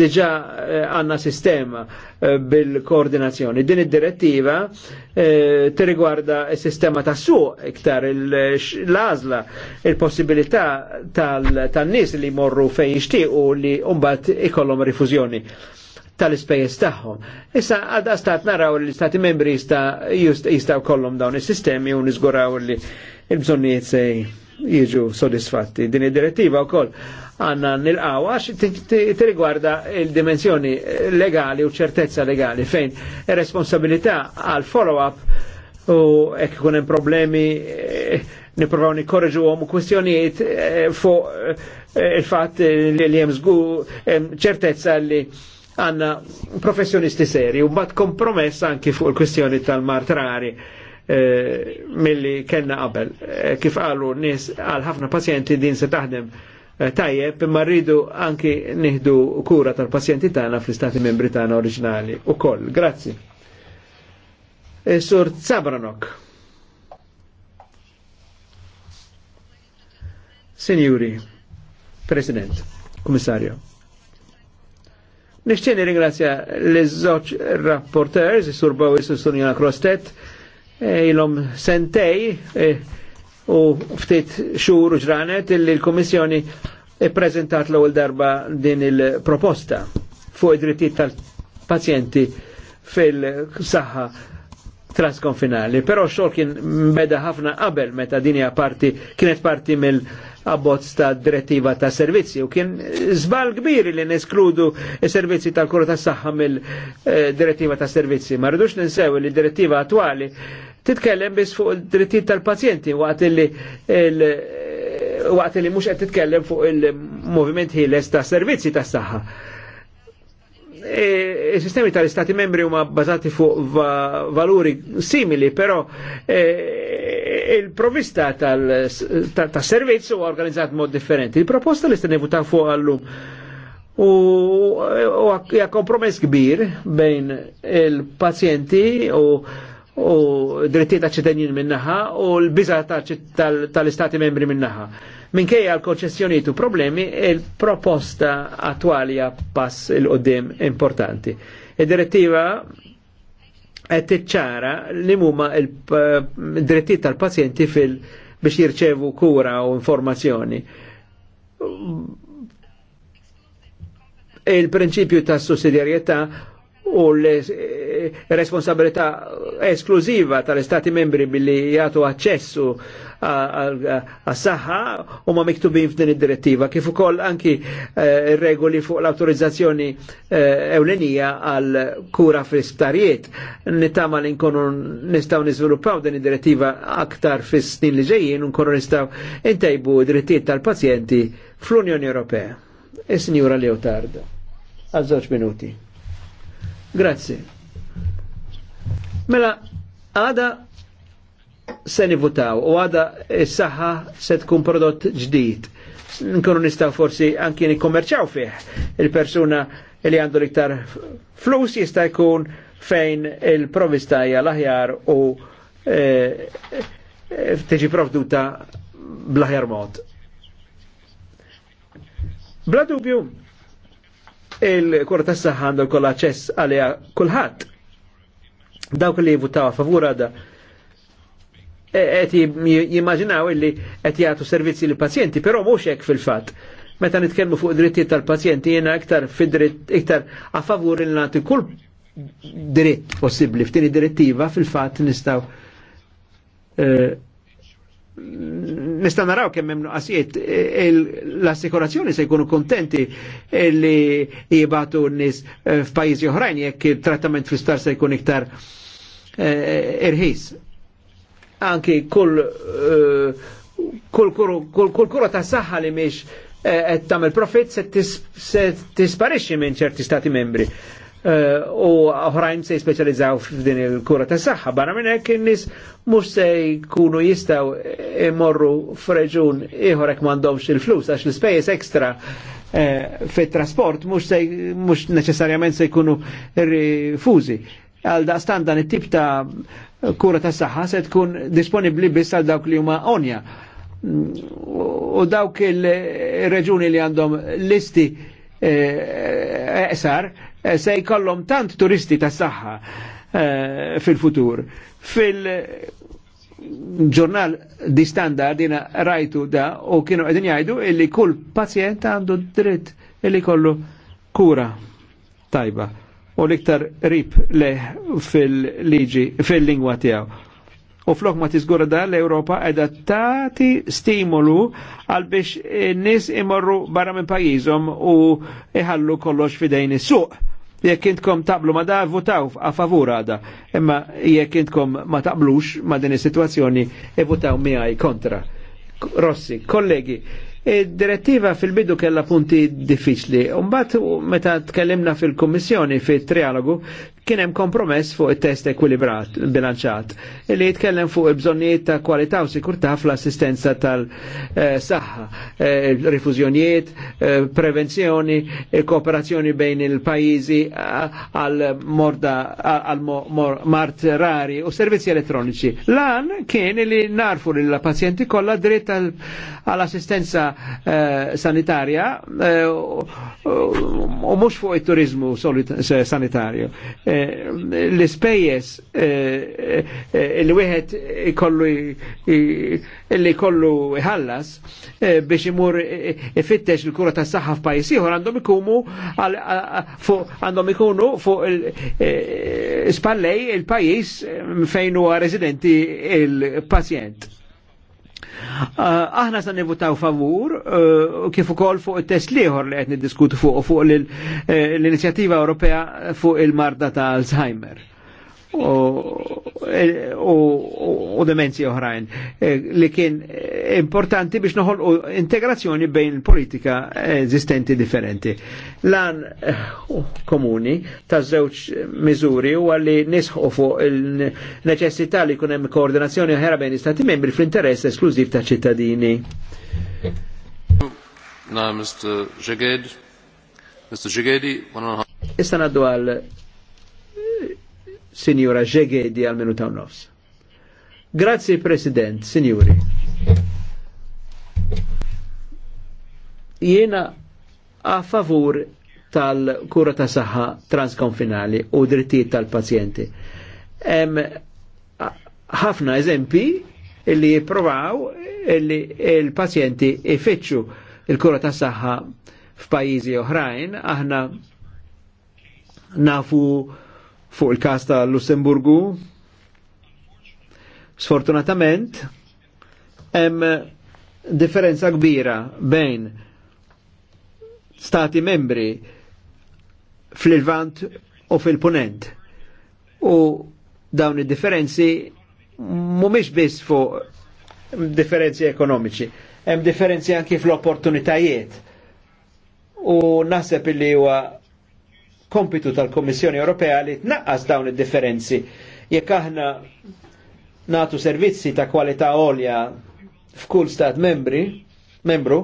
diġa eh, għanna sistema eh, bil-koordinazzjoni. Din id-direttiva eh, t-rigwarda s-sistema ta' suq iktar l-azla il-possibilità tal nies li morru fej u li umbat ikollhom rifużjoni tal-ispejjeż tagħhom. Issa għad stat naraw li stati membri jista' jistgħu kollhom dawn is-sistemi u niżguraw li l-bżonnijiet se jiġu soddisfatti. Din id-direttiva u koll għanna nil-għaw għax t-riguarda il-dimensjoni legali u ċertezza legali fejn ir-responsabilità għal follow-up u ekk kunem problemi eh, niprofaw nikorreġu għom u kwestjonijiet eh, fuq eh, il-fat li jem ċertezza li għanna professjonisti seri u bat kompromessa anki fuq il-kwestjoni tal-martrari. Eh, milli kellna qabel. Eh, kif qalu nies għal ħafna pazjenti din se taħdem eh, tajjeb imma rridu anki nieħdu kura tal-pazjenti tagħna fl-istati membri tagħna oriġinali ukoll. Grazzi. Sur Zabranok. Signori, President, Komissarju. Nixtieni ringrazzja l żoċ rapporteurs, Sur Bowis, u Sunjana Krostet, ilhom sentej eh, u ftit xhur u ġranet illi l-Kummissjoni prezentat l-ewwel darba din il-proposta fuq id-drittijiet tal-pazjenti fil-saħħa transkonfinali. Però xogħol kien beda ħafna qabel meta din hija parti kienet parti mill abbozz ta' direttiva ta' servizzi u kien żbal kbir li neskludu servizzi tal-kura tas saħħa mill-direttiva eh, ta' servizzi. Ma rridux ninsew li direttiva attwali titkellem biss fuq il-drittijiet tal-pazjenti waqt li waqt li mhux qed titkellem fuq il-moviment ħieles ta' servizzi tas-saħħa. Il-sistemi tal-istati membri huma bbażati fuq valuri simili, però il-provista tas-servizz huwa organizzat mod differenti. Il-proposta li stenni votaw fuq għallum u hija kompromess kbir bejn il-pazjenti u u drittijiet ta' ċittadin minnaħa u l-biża tal-istati membri minnaħa. Minkejja l-konċessjoniet u problemi, il-proposta attuali pass il-qoddim importanti. Id-direttiva qed tiċċara li huma l-drittijiet tal-pazjenti fil- biex jirċevu kura u informazzjoni il-prinċipju ta' sussidjarjetà u l-responsabilità esklusiva tal Stati membri billi jgħatu accessu għas-saħħa u ma miktubin f'din id-direttiva, kif ukoll anki eh, regoli fuq l-autorizzazzjoni eh, ewlenija għal kura fl-isptarijiet. Nittama li nkunu nistaw niżviluppaw din id-direttiva aktar fis-snin li ġejjin nkunu nistaw intejbu drittijiet tal-pazjenti fl-Unjoni Ewropea. Is-Sinjura Leotard, għal minuti. Grazie. Mela, għada se nivutaw u għada s-saħħa se tkun prodott ġdijt. Nkunu nistaw forsi anki nikommerċaw fih. Il-persuna li għandu liktar flus jista' jkun fejn il-provista hija l-aħjar u e, e, provduta bl-aħjar mod. Bla dubju, il-kura tas saħħa għandu kol aċċess għalija kulħadd. Dawk li jivutaw favur għada Eti jimmaġinaw illi qed jagħtu servizzi li pazjenti, però mhux hekk fil-fatt. Meta nitkellmu fuq drittijiet tal-pazjenti jiena iktar fid-dritt iktar a favur il nagħti kull dritt possibbli f'tini direttiva fil-fatt nistgħu eh, nista' naraw kemm hemm nuqqasijiet e, e, l-assikurazzjoni se jkunu kontenti li jibatu n-nies e, f'pajjiżi oħrajn jekk trattament fl-istar se jkun iktar irħis. Anki kull kull kura ta' saħħa li miex qed tagħmel profit se tisparixxi minn ċerti stati membri. Eh, u oħrajn se jispeċalizzaw f'din il-kura ta' saħħa. Barra minn hekk in-nies mhux se jkunu jistgħu imorru f'reġun ieħor hekk m'għandhomx il-flus għax l-ispejjeż ekstra eh, fit-trasport mhux se mhux neċessarjament se jkunu rifużi għal daqstan dan it-tip ta' kura ta' saħħa se tkun disponibbli biss għal dawk li huma onja. U dawk il-reġuni li għandhom listi eqsar eh, Eh, se jkollhom tant turisti ta' saħħa eh, fil-futur. Fil ġurnal di standard jina rajtu da u kienu għedin jajdu, illi kull pazjent għandu dritt illi kollu kura tajba u liktar rip leħ fil-liġi fil-lingwa tijaw U flok ma tiżgura da l-Europa edha tati stimolu għal biex nis imorru barra minn pajizom u iħallu kollox fidejni suq Jekk intkom taqblu ma da votaw a favur għada, imma jekk intkom ma taqblux ma din is-sitwazzjoni e votaw miħaj kontra. Rossi, kollegi, Direttiva fil-bidu kella punti diffiċli. Umbat, meta tkellimna fil-Kommissjoni, fil-trialogu, kienem kompromess fuq il test ekwilibrat bilanċat li jitkellem fuq il bżonniet ta' kwalità u sikurta fl-assistenza tal-saħħa, eh, rifużjonijiet, eh, prevenzjoni, eh, kooperazzjoni bejn il pajizi għal mart rari u servizzi elettroniċi. Lan kien li narfu li l-pazjenti kolla dritt għall-assistenza sanitarja u mux fuq il turizmu sanitarju. Eh, l spejjes eh, eh, li wieħed ikollu li kollu ħallas biex imur ifittex il-kura tas saħħa f'pajjiż ieħor għandhom ikunu għandhom ikunu fuq spallej il-pajjiż fejn huwa residenti il-pazjent Eh, aħna sa' nivutaw favur, eh, kif ukoll fuq il-test liħor li għetni diskutu fuq fuq eh, l-inizjativa Ewropea fuq il-marda ta' Alzheimer u demenzi oħrajn eh, li kien importanti biex noħolqu integrazzjoni bejn politika eżistenti differenti. Lan eh, komuni ta' żewġ miżuri u għalli nisħu fuq il-neċessità li kunem koordinazzjoni oħra bejn istati membri fl-interess esklużiv ta' ċittadini. Na, Mr. Jaged, Mr. Jagedi, Issa naddu għal Signora Jege di minu nofs. Grazzi President, signori. Jiena a favur tal-kura ta' saħħa transkonfinali u drittijiet tal-pazjenti. ħafna eżempi li jipprovaw li il-pazjenti ifittxu il-kura ta' saħħa f'pajjiżi oħrajn, aħna nafu fuq il-kas ta' Lussemburgu. Sfortunatament, hemm differenza kbira bejn stati membri fl-Ilvant u fil-Punent. U dawn id-differenzi mhumiex biss fuq differenzi ekonomiċi, hemm differenzi anki fl-opportunitajiet. U naħseb illi huwa kompitu tal-Kommissjoni Ewropea li tnaqqas dawn id-differenzi. Jekk aħna natu servizzi ta' kwalità olja f'kull stat membri, membru,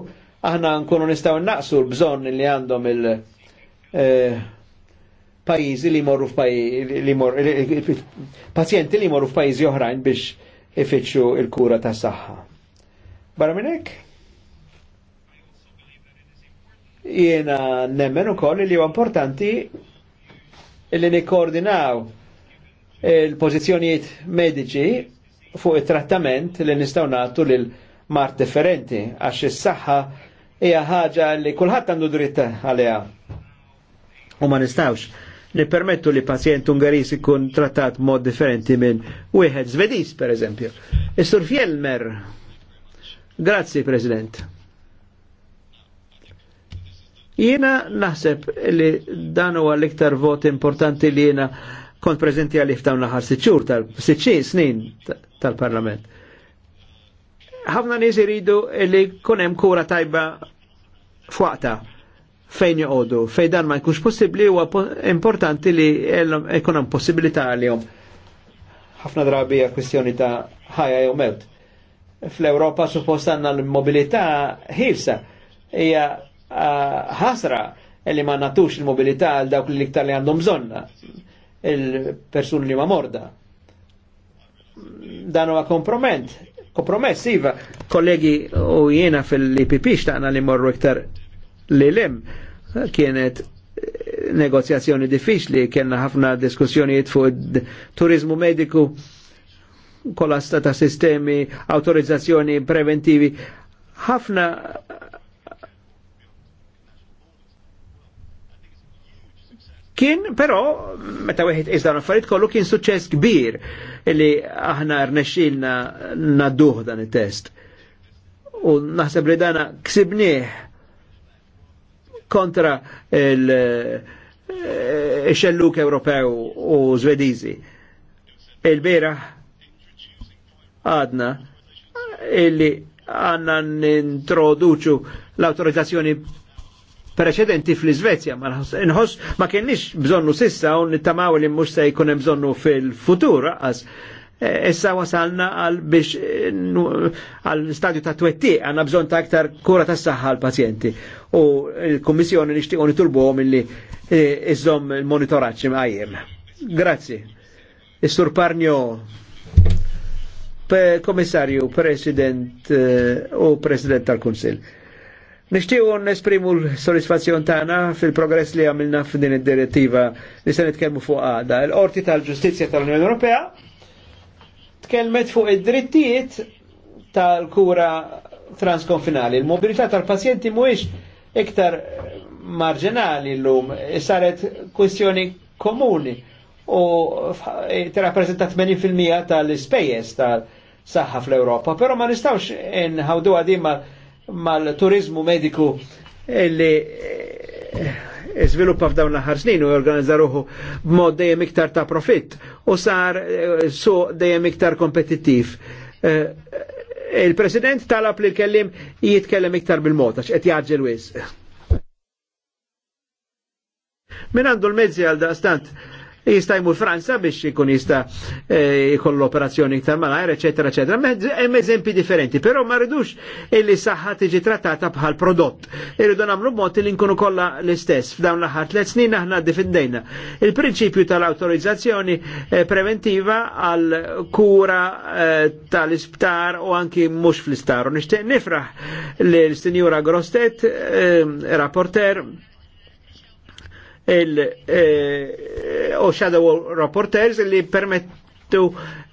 aħna nkunu nistgħu naqsu l-bżonn li għandhom il- eh, pajizi li morru f'pajizi li pazjenti li morru f'pajizi oħrajn biex ifittxu il-kura ta' saħħa. Barra minnek? Jiena nemmen ukoll li huwa importanti li nikkoordinaw il-pożizzjonijiet mediċi fuq it-trattament li nistgħu nagħtu lil mart differenti għax is-saħħa hija ħaġa li kulħadd għandu dritt għaliha. U ma nistgħux nippermettu li pazjent Ungaris ikun trattat mod differenti minn wieħed Zvediż pereżempju. Is-Sur Fjellmer. Grazzi President. Jiena naħseb li dan huwa l-iktar vot importanti li jiena kont prezenti għalif dawn l-ħar siċur tal-siċin snin tal-parlament. ħafna nies iridu li kunem kura tajba fuqta fejn joqogħdu, fejn dan ma jkunx possibbli huwa importanti li jkun hemm possibilità għalihom. Ħafna drabi hija kwistjoni ta' ħajja jew mewt. Fl-Ewropa suppost għandna l-mobilità ħilsa hija Ah, ħasra li ma natux il-mobilità għal dawk li iktar li għandhom bżonna il-persuni li ma morda. Dan huwa komproment, kompromess iva, kollegi u jiena fil-IPP xtaqna li morru iktar li lim, kienet negozjazzjoni diffiċli, kienna ħafna diskussjonijiet fuq turizmu mediku kolasta stata sistemi, autorizzazzjoni preventivi. ħafna Kien, però, meta wieħed iżda l-affarijiet kollu kien suċċess kbir li aħna rnexxilna nadduh dan it-test. U naħseb li dana ksibnieh kontra il-xelluk eh, Ewropew u Zvedizi. Il-beraħ għadna illi għanna nintroduċu l-autorizzazzjoni preċedenti fl-Iżvezja, ma nħoss ma kienniex bżonnu sissa u nittamaw li mhux se jkun hemm bżonnu fil-futur għas. E, issa wasalna għal biex e, għal stadju ta' twetti għanna bżon ta' aktar kura ta' saħħa għal pazjenti u l-Kommissjoni nishtiqo għom illi e, izzom il-monitoraċ imqajjem. Grazzi. Is-Sur Parnio, Komissarju, President u President tal konsil Nishtiju nesprimu l-solisfazzjon tagħna fil-progress li għamilna f'din id-direttiva li se nitkellmu fuq għada. l qorti tal-Ġustizzja tal-Unjoni Ewropea tkellmet fuq id-drittijiet tal-kura transkonfinali. Il-mobilità tal-pazjenti mhuwiex iktar marġinali llum. saret kwestjoni komuni u tirrappreżentat 80% tal ispejjeż tal-saħħa fl-Ewropa, però ma nistgħux nħawdu dimma mal-turizmu mediku li eh, sviluppa f'dawn l-aħħar snin u jorganizza ruħu b'mod dejjem iktar ta' profitt u sar eh, su dejjem iktar kompetittiv. Eh, Il-President talab li l-kellim jitkellem iktar bil motax et qed jaġġel wisq. Min għandu l-mezzi għal daqstant jista' jmur Franza biex ikun jista' jkollu e, operazzjoni iktar malajr, eċetera, eċetera. Hemm eżempi differenti, però ma rridux illi saħħa tiġi trattata bħal prodott. Irridu nagħmlu mod li nkunu kollha l-istess. F'dawn l-aħħar tliet snin aħna difendejna. Il-prinċipju tal autorizzazzjoni e, preventiva għal kura e, tal-isptar u anki mhux fl-isptar. Nixtieq nifraħ l-Sinjura Grostet, e, rapporter u eh, shadow Reporters li permettu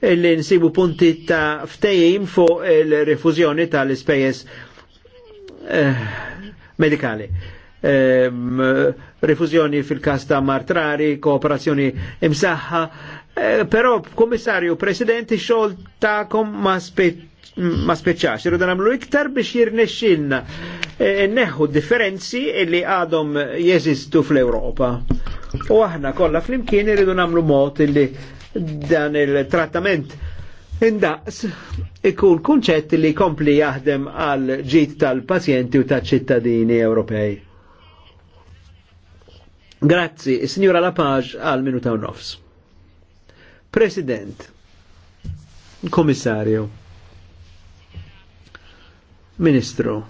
li nsibu punti ta' ftejim fu il-refuzjoni tal-ispejjeż eh, medikali. Eh, Refuzjoni fil-kas ta' martrari, kooperazzjoni imsaħħa, Eh, però, komissarju, presidenti xol ta'kom ma speċ ma speċax, irridu nagħmlu iktar biex jirnexxilna e, e neħu differenzi li għadhom jeżistu fl europa U aħna kollha flimkien irridu nagħmlu mod li dan il-trattament indaqs ikun kunċett li kompli jaħdem għal ġid tal-pazjenti u tal-ċittadini Ewropej. Grazzi, signora Lapage, għal minuta u nofs. President, Komissarju, Ministru,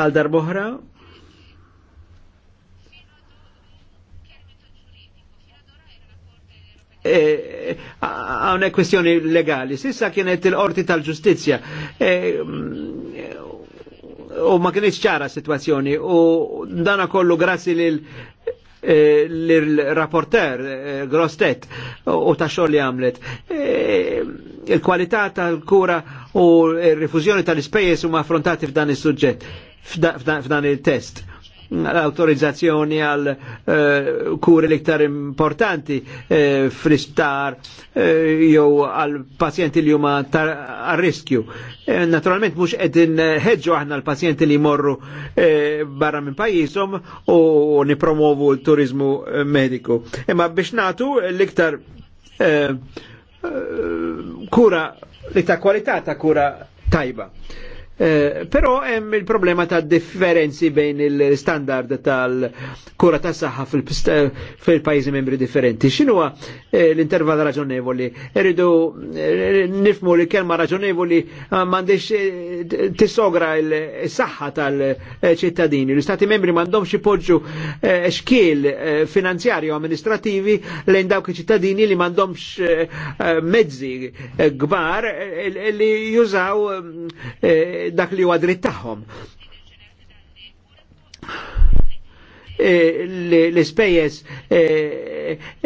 Aldar Bohra, eh, eh, għawne kwestjoni legali. Sissa kienet il-orti tal-ġustizja. Eh, mm, u ma kienieċ ċara situazzjoni u dana kollu grazzi lil Eh, l-rapporter eh, Grostet u ta' xogħol li għamlet. Eh, il-kwalità tal-kura u r-rifużjoni tal-ispejjeż huma affrontati f'dan is-suġġett f'dan il-test l-autorizzazzjoni għal eh, kuri l-iktar importanti eh, fl-isptar eh, jew għal pazjenti li huma għal riskju. Naturalment mhux qegħdin ħeġġu aħna l-pazjenti li morru barra minn pajjiżhom u nipromovu l-turizmu mediku. Imma biex nagħtu l-iktar kura li ta' kwalità ta' kura tajba. Pero eh, Però hemm il-problema ta' differenzi bejn il-standard tal-kura ta' saħħa fil-pajjiżi membri differenti. X'inhuwa eh, l-intervall raġonevoli? Eridu eh, nifmu li kelma raġonevoli m'għandix tisogra l-saħħa tal-ċittadini. L-Istati membri m'għandhomx ipoġġu xkiel finanzjarju amministrativi lejn dawk iċ-ċittadini li m'għandhomx mezzi kbar li jużaw dak li huwa dritt tagħhom. E, l-ispejjeż e,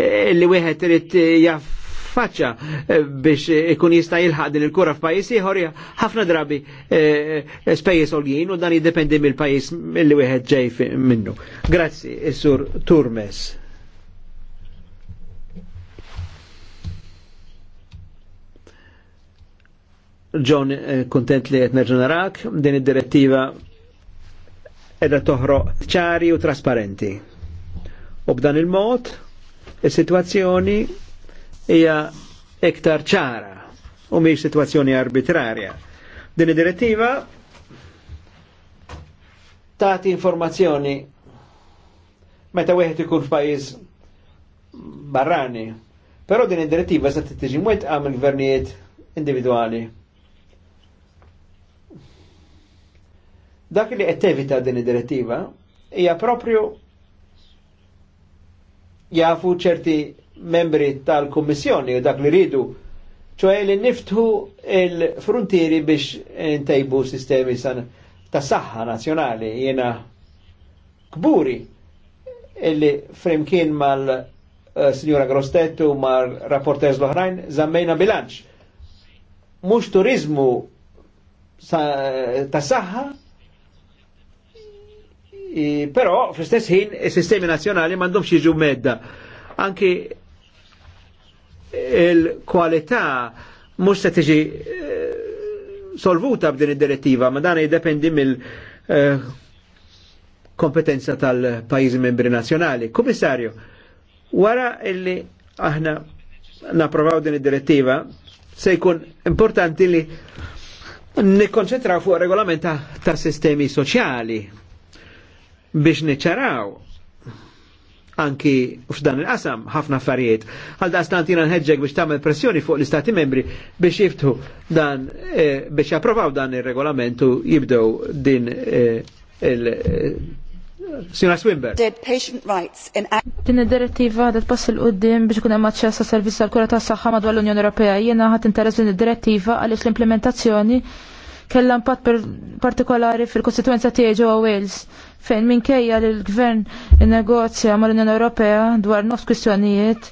e, li wieħed irid jaff faċċa biex ikun jista' jilħaq din il-kura f'pajjiż ieħor ħafna drabi spejjeż olgin u dan jiddependi mill-pajjiż li wieħed ġej minnu. Grazzi, is-sur Turmes. John eh, kontent li jtnerġu narak, din id-direttiva edha toħro ċari u trasparenti. U b'dan il-mod, il-situazzjoni hija iktar ċara u miex situazzjoni arbitrarja. Din id-direttiva tagħti informazzjoni meta wieħed ikun f'pajjiż barrani. Però din id-direttiva se tiġi mwet għam il-gvernijiet individuali Dak li qed tevita din id-direttiva hija propju jafu ċerti membri tal-Kummissjoni u dak li ridu ċoħe li niftħu il-frontieri biex intajbu sistemi san ta' saħħa nazjonali jena kburi illi fremkien mal eh, signora Grostetto mal rapportez l-oħrajn zammejna bilanċ mux turizmu ta' saħħa Però fl-istess ħin is-sistemi nazzjonali m'għandhomx jiġu medda. Anki il-kwalità mhux se tiġi eh, solvuta b'din id-direttiva, ma dan jiddependi mill- eh, kompetenza tal-pajizi membri nazjonali. Komissarju, wara illi aħna naprovaw din id-direttiva, se jkun importanti li nikkonċentraw fuq regolamenta ta' sistemi soċjali biex niċċaraw anki f'dan il-qasam ħafna affarijiet. Għal daqstant jina nħedġek biex tagħmel pressjoni fuq l-Istati membri biex jiftħu dan eh, biex japprovaw dan ir-regolamentu jibdew din eh, il- eh, Sina Swinberg. Din id-direttiva da tpass il qoddim biex kun hemm aċċess għas servizz tal-kura tas-saħħa madwar l-Unjoni Ewropea. Jiena ħadd interess din id-direttiva għaliex l-implementazzjoni kellha impatt partikolari fil-kostituenza tiegħi ġewwa Wales fejn minkejja li l-gvern negozja mal-Unjoni Ewropea dwar nofs kwistjonijiet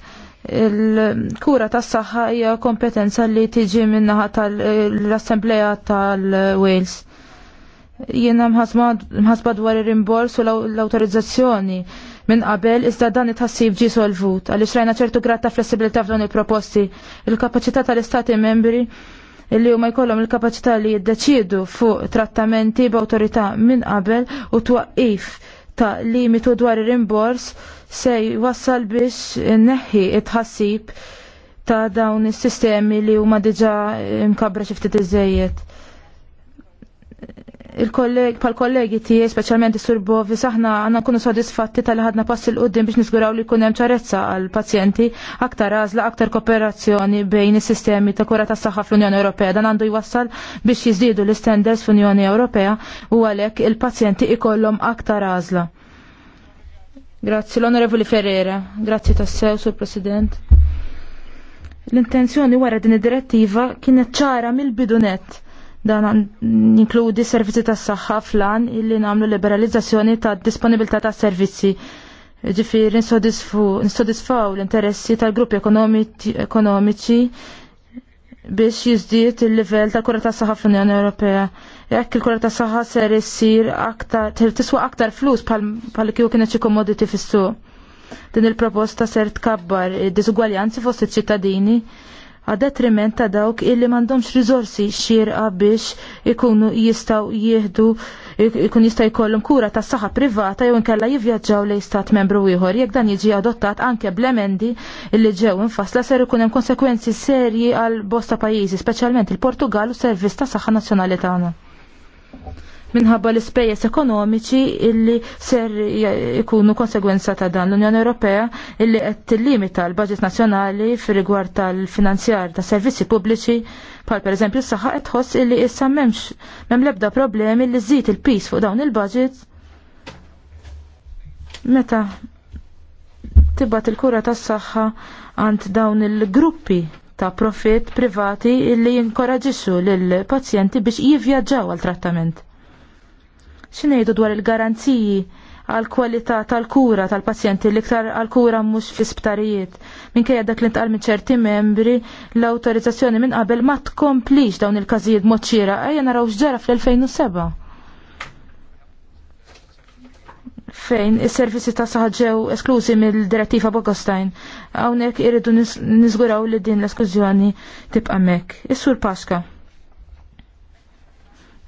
il-kura tas saħħa hija kompetenza li tiġi minnaħa tal-Assembleja tal-Wales. Jiena mħasba dwar ir-rimbors u l-autorizzazzjoni minn qabel iżda dan it-ħassib ġi solvut għaliex rajna ċertu grad ta' flessibilità f'dan il-proposti. Il-kapaċità tal-Istati membri Illi huma jkollhom il-kapaċità li jiddeċiedu fuq trattamenti b'awtorità minn qabel u twaqqif ta' limitu dwar ir-rimbors se jwassal biex neħħi it-ħassib ta' dawn is-sistemi li huma diġà mkabra xi ftit iżejjed il-kolleg, pal-kollegi tijie, specialment sur Bovi, saħna għanna nkunu sodisfatti tal ħadna passi l-qoddim biex nisguraw li kunem ċarezza għal-pazjenti, aktar għazla, aktar kooperazzjoni bejn is-sistemi ta' kura ta' saħħa fl-Unjoni Ewropea. Dan għandu jwassal biex jizdidu l istenders fl-Unjoni Ewropea u għalek il-pazjenti ikollom aktar għazla. Grazzi l-Onorevoli Ferrera, grazzi tassew, sur President. L-intenzjoni wara din id-direttiva kienet ċara mill-bidunet Dan inkludi servizzi tas saħħa flan illi namlu liberalizzazzjoni ta' disponibilità ta' servizzi. Ġifiri nsodisfaw l-interessi tal-gruppi ekonomiċi biex jizdiet il-livell ta' kura ta' saħħa fl-Unjoni Ewropea. Jekk il-kura ta' saħħa ser issir aktar, tiswa aktar flus pal kju kienet xi komoditi fis-suq. Din il-proposta ser tkabbar id-diżugwaljanzi fost iċ-ċittadini għad-detriment ta' dawk illi mandomx rizorsi xirqa biex ikunu jistaw jihdu ikun jistaw jkollum kura ta' saħħa privata jew inkella jivvjaġġaw lej stat membru ieħor. Jekk dan jiġi adottat anke blemendi illi ġew infasla ser ikun hemm konsekwenzi serji għal bosta pajjiżi, speċjalment il-Portugal u servizz ta' saħħa nazzjonali tagħna minħabba l-ispejjeż ekonomiċi illi ser ikunu konsegwenza ta' dan l-Unjoni Ewropea illi qed tillimita l-baġit nazzjonali fir-rigward tal-finanzjar ta' servizzi pubbliċi bħal pereżempju s-saħħa qed tħoss illi issa m'hemmx m'hemm l-ebda problemi li żżid il-pis fuq dawn il-baġit meta tibgħat il-kura tas-saħħa għand dawn il-gruppi ta' profitt privati illi jinkoraġixxu lill pazjenti biex jivvjaġġaw għal trattament. X'ngħidu dwar il-garanziji għal kwalità tal-kura tal-pazjenti l-iktar għal kura mhux fi sptarijiet. Minkejja dak li ntqal minn ċerti membri l-awtorizzazzjoni minn qabel ma tkomplix dawn il-każijiet mod ċira ejja naraw x'ġara fl-2007. Fejn is-servizzi ta' saħħa ġew esklużi mill-direttiva Bogostajn. Hawnhekk irridu niżguraw li din l esklużjoni tibqa' mek. Is-Sur Paska.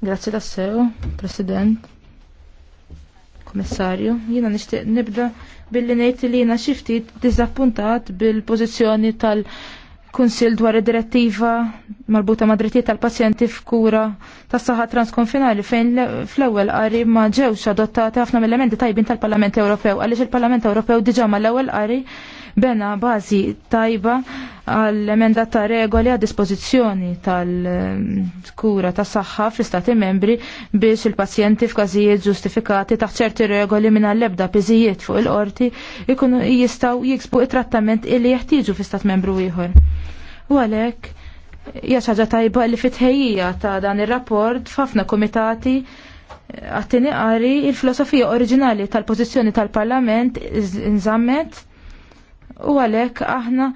Grazie sew, President. Komissarju, jina nishtiq nibda billi nejt li jina xifti dizappuntat bil-pozizjoni tal-Kunsil dwar id-direttiva marbuta ma' drittijiet tal-pazjenti f'kura tas saħħa transkonfinali fejn fl-ewwel qari ma ġewx adottati ħafna mill-elementi tajbin tal-Parlament Ewropew għaliex il-Parlament Ewropew diġà mal-ewwel qari bena bażi tajba għall-emenda ta' regoli għad dispożizzjoni tal-kura ta' saħħa fl-istati membri biex il-pazjenti f'każijiet ġustifikati taħt ċerti regoli minn għall-ebda piżijiet fuq il-qorti ikunu jistaw jiksbu it-trattament illi jeħtieġu fl-istat membru ieħor. U għalhekk hija ħaġa tajba li fitħejjija ta' dan ir-rapport f'ħafna komitati għattini qari il-filosofija oriġinali tal-pożizzjoni tal-Parlament nżammet u għalhekk aħna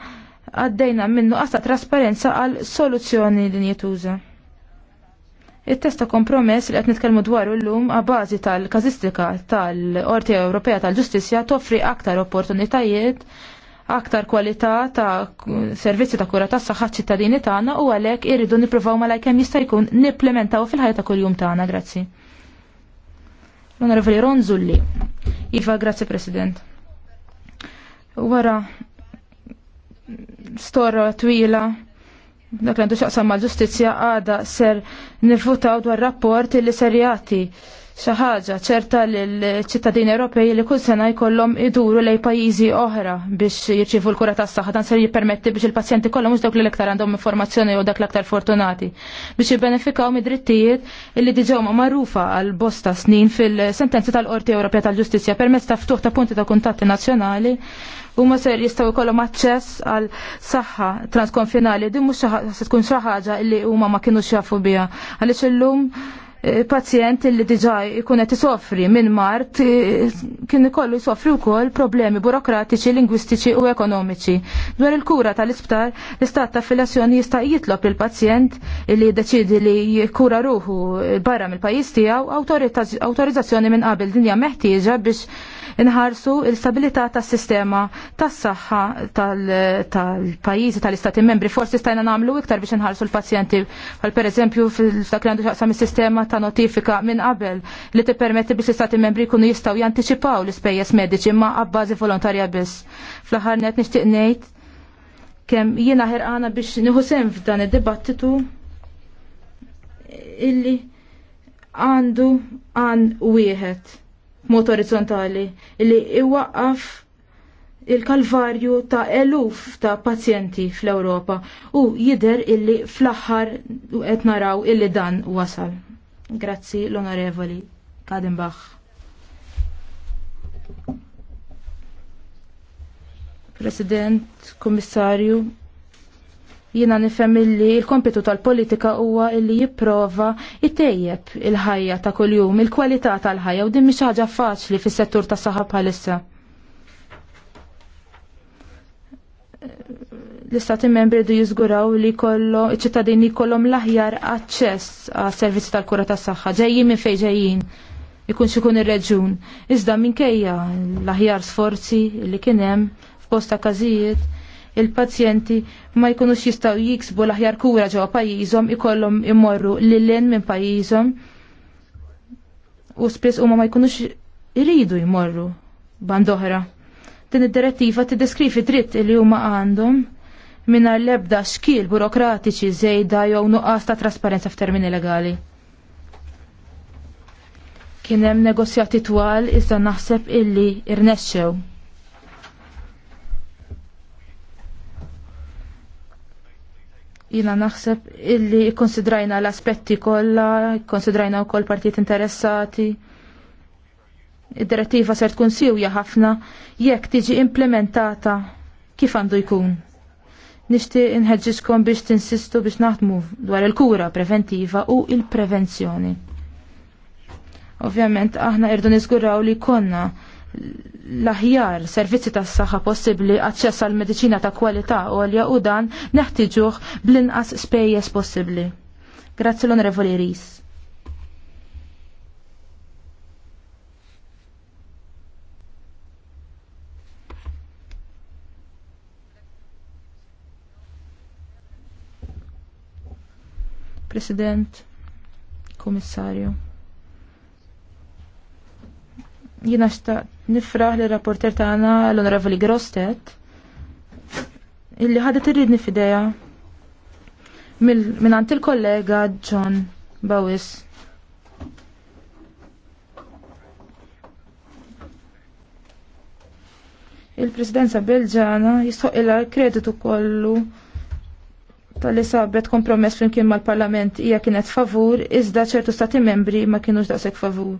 għaddejna minnu qasta trasparenza għal soluzzjoni li njetuża. Il-testa kompromess li qed nitkellmu dwaru llum lum bażi tal-kazistika tal-Qorti Ewropea tal-Ġustizzja toffri aktar opportunitajiet, aktar kwalità ta' servizzi ta' kura tas saħħat ċittadini tagħna u għalhekk irridu nippruvaw malajk kemm jista' jkun nipplementaw fil-ħajja ta' kuljum tagħna, grazzi. L-Onorevoli Ron Zulli. Iva, grazzi President. Wara, storra twila dak li għandu xaqsam mal-ġustizja għada ser nivvutaw dwar rapporti li ser jagħti xi ħaġa ċerta lill-ċittadini Ewropej li kull sena jkollhom iduru lej pajjiżi oħra biex jirċievu l-kura tas-saħħa dan ser jippermetti biex il-pazjenti kollhom mhux dawk li l-iktar għandhom informazzjoni jew dak l-aktar fortunati biex jibbenefikaw mid-drittijiet illi diġew ma magħrufa għal bosta snin fil-sentenzi tal-Qorti Ewropea tal-Ġustizzja permezz ta' ftuħ ta' punti ta' kuntatti nazzjonali u ma ser jistgħu jkollhom aċċess għal saħħa transkonfinali din mhux se tkun xi ħaġa li huma ma kinux jafu biha għaliex illum pazjent li diġa jkun qed isofri minn mart e, kien ikollu jsofri wkoll problemi burokratiċi, lingwistiċi u ekonomiċi. Dwar il-kura tal-isptar, l-istat ta' filazzjoni jista' jitlob il pazjent li jiddeċidi li jkura ruħu barra mill-pajjiż tiegħu awtorizzazzjoni minn qabel dinja meħtieġa biex inħarsu l-stabilità tas-sistema tas-saħħa tal-pajjiżi tal-istati membri. Forsi stajna nagħmlu iktar biex inħarsu l-pazjenti per pereżempju fil-dak li għandu xaqsam is-sistema ta' notifika minn qabel li t-permetti biex l-istati membri jkunu jistgħu jantiċipaw l-ispejjeż mediċi ma' abbażi volontarja biss. Fl-aħħar net nixtieq ngħid kemm jiena ħirqana biex nieħu sem f'dan id-dibattitu illi għandu għan wieħed mod orizzontali li iwaqqaf il-kalvarju ta' eluf ta' pazjenti fl-Ewropa u jider illi fl-aħħar qed naraw illi dan wasal. Grazzi l-Onorevoli Kadenbach. President, Kommissarju, Jina nifhem illi l-kompitu tal-politika huwa illi jipprova jittejjeb il-ħajja ta' kuljum, il-kwalità tal-ħajja u din mhix ħaġa faċli fis-settur tas saħħa bħalissa. L-istati membri du jiżguraw li kollu iċ-ċittadini kollhom l-aħjar aċċess għas servizzi tal-kura tas-saħħa ġejjin minn fejn ġejjin ikun xikun ir-reġun. Iżda minkejja l-aħjar sforzi li kien hemm f'posta każijiet il-pazjenti ma jkunux jistaw jiksbu l-aħjar kura ġewwa pajjiżhom ikollhom immorru lilin minn pajjiżhom u spiss huma ma jkunux iridu jmorru band oħra. Din id-direttiva tiddeskrivi dritt li huma għandhom mingħajr l-ebda xkil burokratiċi żejda jew nuqqas ta' trasparenza f'termini legali kien hemm negozjati twal iżda naħseb illi irnexxew. jina naħseb illi konsidrajna l-aspetti kolla, konsidrajna u koll partijiet interessati. Id-direttiva ser tkun siwja ħafna jekk tiġi implementata kif għandu jkun. Nishti inħedġiskom biex tinsistu biex naħdmu dwar il-kura preventiva u il-prevenzjoni. Ovvjament aħna irdu nizguraw li konna l-aħjar servizzi tas saħħa possibbli aċċess għal mediċina ta' kwalità għolja u dan neħtiġuh bl-inqas spejjeż possibbli. Grazzi l-Onorevoli Ris. President, Commissario. Jina xta nifraħ li rapporter tagħna l-Onorevoli Grostet illi ħadet irridni fideja minn għand il-kollega John Bawis. il-presidenza belġana jistħoq ila kreditu kollu tal-li sabet kompromess flimkien mal-parlament hija kienet favur, iżda ċertu stati membri ma kienux daqshekk favur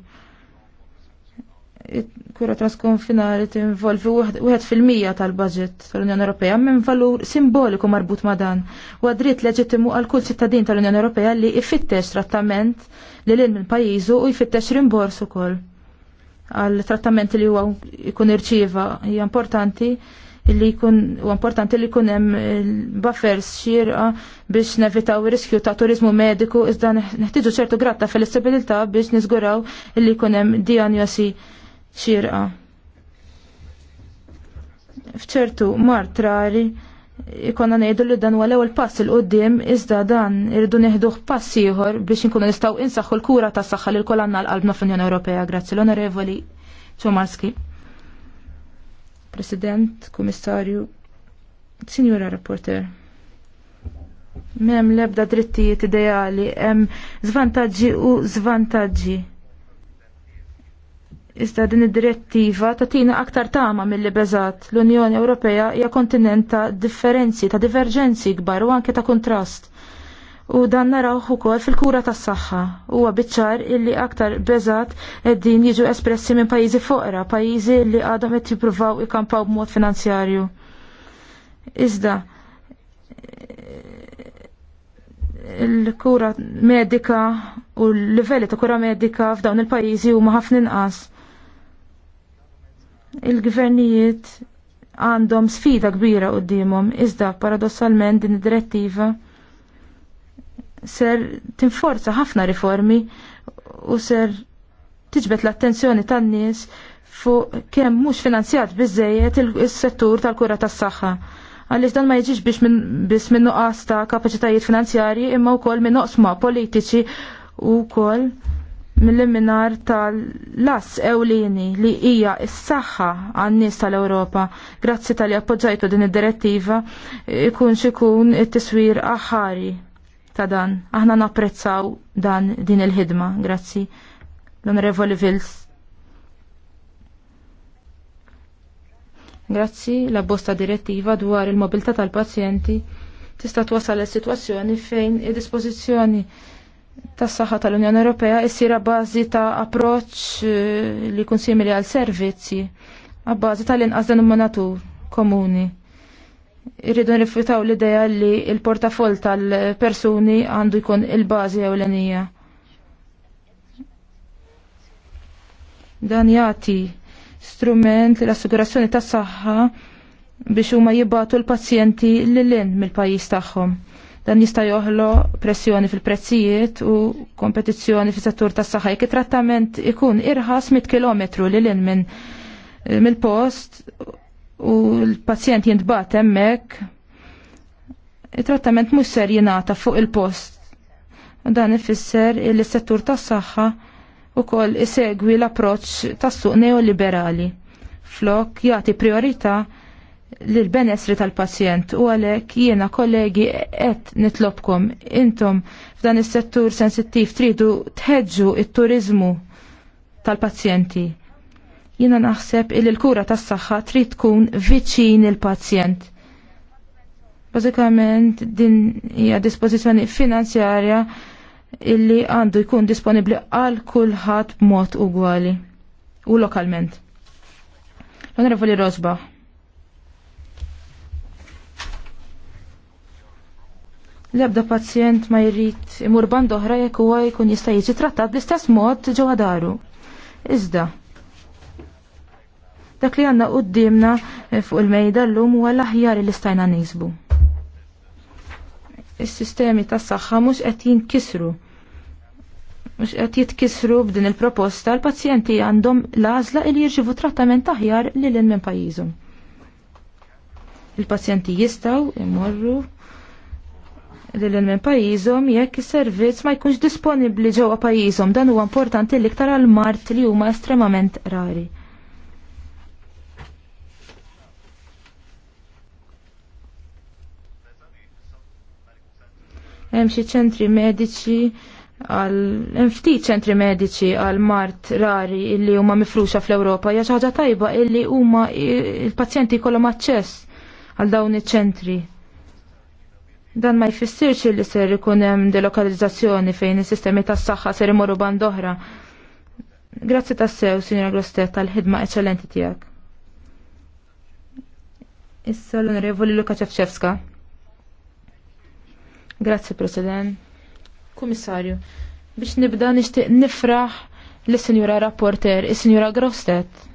kura transkonfinali tinvolvi wieħed fil-mija tal-budget tal-Unjoni Ewropea minn valur simboliku marbut ma' dan. U għadrit leġittimu għal kull ċittadin tal-Unjoni Ewropea li jfittex trattament li l minn pajjiżu u jfittex rimbors ukoll għal trattamenti li huwa jkun irċieva hija importanti li jkun u importanti li jkun hemm buffers xirqa biex nevitaw riskju ta' turizmu mediku iżda neħtieġu ċertu gratta fil-istabilità biex niżguraw li jkun hemm diagnosi xirqa. Fċertu mart Rari, ikonna nejdu li dan għal ewwel pass il qoddim iżda dan irridu neħduh pass ieħor biex inkunu nistgħu insaħħu l-kura tas saħħa lil kolanna l-qalbna fl-Unjoni Ewropea. Grazzi l-Onorevoli Ċomarski. President, Kummissarju, Sinjura Rapporter. Mem lebda drittijiet ideali, hemm zvantaġġi u zvantaġġi Iżda din id-direttiva tatina aktar tama mill-li beżat l-Unjoni Ewropea hija kontinent ta' differenzi, ta' diverġenzi kbar u anke ta' kontrast. U dan narawh ukoll fil-kura tas-saħħa. Huwa biċċar illi aktar beżat qegħdin jiġu espressi minn pajjiżi foqra, pajjiżi li għadhom qed jippruvaw ikampaw b'mod finanzjarju. Iżda il-kura medika u l-livelli ta' kura medika f'dawn il-pajjiżi huma ħafna inqas il-gvernijiet għandhom sfida kbira quddiemhom, iżda paradossalment din id-direttiva ser tinforza ħafna riformi u ser tiġbet l-attenzjoni tan-nies fuq kemm mhux finanzjat biżejjed is-settur tal-kura tas-saħħa. Għaliex dan ma jiġix biex minn biss minn nuqqas ta' kapaċitajiet finanzjarji imma wkoll minn noqsma politiċi u wkoll mill-liminar tal-las ewlieni li hija s-saħħa għan-nies tal-Ewropa. Grazzi tal-li appoġġajtu din id-direttiva ikun xikun it-tiswir aħari ta' dan. Aħna napprezzaw dan din il-ħidma. Grazzi. L-Onorevoli Vils. Grazzi la bosta direttiva dwar il-mobilità tal-pazjenti tista' twasal is sitwazzjoni fejn id-dispożizzjoni tas-saħħa tal-Unjoni Ewropea issir bażi ta' approċċ eh, li jkun simili għal servizzi għabbażi tal-inqas denominatur komuni. Irridu nrifjutaw l-ideja li il-portafol tal-persuni għandu jkun il-bażi ewlenija. Dan jagħti strument l-assigurazzjoni tas-saħħa biex huma jibgħatu l-pazjenti lil-in mill-pajjiż tagħhom. Dan jista' joħlo pressjoni fil-prezzijiet u kompetizzjoni fis-settur tas-saħħa jekk trattament ikun irħas mit kilometru lil hinn minn eh, mill-post u l-pazjent jintbat hemmhekk it-trattament mhux ser jingħata fuq il-post. Dan ifisser li s-settur tas-saħħa ukoll isegwi l-approċċ tas-suq neoliberali flok jagħti priorità l-benessri tal-pazjent u għalek jiena kollegi qed nitlobkom intom f'dan is-settur sensittiv tridu tħeġġu it-turizmu tal-pazjenti. Jiena naħseb il l-kura tas-saħħa trid tkun viċin il-pazjent. Bażikament din hija dispożizzjoni finanzjarja illi għandu jkun disponibli għal kulħadd b'mod ugwali u lokalment. L-Onorevoli Rosbach L-ebda pazjent ma jrid imur band oħra jekk huwa jkun jista' jiġi trattat bl-istess mod ġewwa daru. Iżda. Dak li għandna quddiemna eh, fuq il-mejda llum huwa l-aħjar li stajna nisbu. Is-sistemi tas-saħħa mhux qed jinkisru mux qed jitkisru b'din il-proposta l-pazjenti għandhom l-għażla li jirċivu trattament aħjar lil minn pajjiżhom. Il-pazjenti jistgħu imorru lil minn pajjiżhom jekk is-servizz ma jkunx disponibbli ġewwa pajjiżhom dan huwa importanti l-iktar għal mart li huma estremament rari. Hemm xi ċentri mediċi għal ftit ċentri mediċi għal mart rari illi huma mifruxa fl-Ewropa hija xi ħaġa tajba illi huma il-pazjenti jkollhom aċċess għal dawn iċ-ċentri. Dan ma jfissirx li ser ikun hemm delokalizzazzjoni fejn is-sistemi tas-saħħa ser imorru band oħra. Grazzi tassew, Sinjora Grostet, tal-ħidma eċċellenti tiegħek. Issa l-Onorevoli Luka Ċefċevska. Grazzi, President. Kummissarju, biex nibda nixtieq nifraħ l-Sinjura Rapporter, is-Sinjura Grostet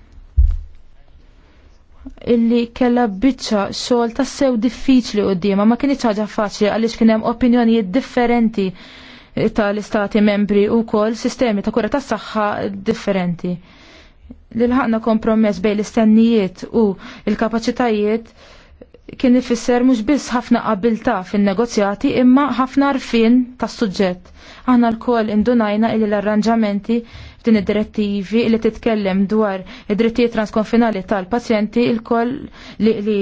illi kella biċċa xogħol tas-sew diffiċli qudiema ma kienx ħaġa faċli għaliex kien hemm opinjonijiet differenti tal-istati membri u kol sistemi ta' kura tas saħħa differenti. Lilħaqna kompromess bejn l-istennijiet u l-kapaċitajiet kien ifisser mhux biss ħafna qabilta fin-negozjati imma ħafna arfin tas-suġġett. Aħna lkoll indunajna illi l-arranġamenti din id-direttivi li titkellem dwar id-drittijiet transkonfinali tal-pazjenti il-koll li, li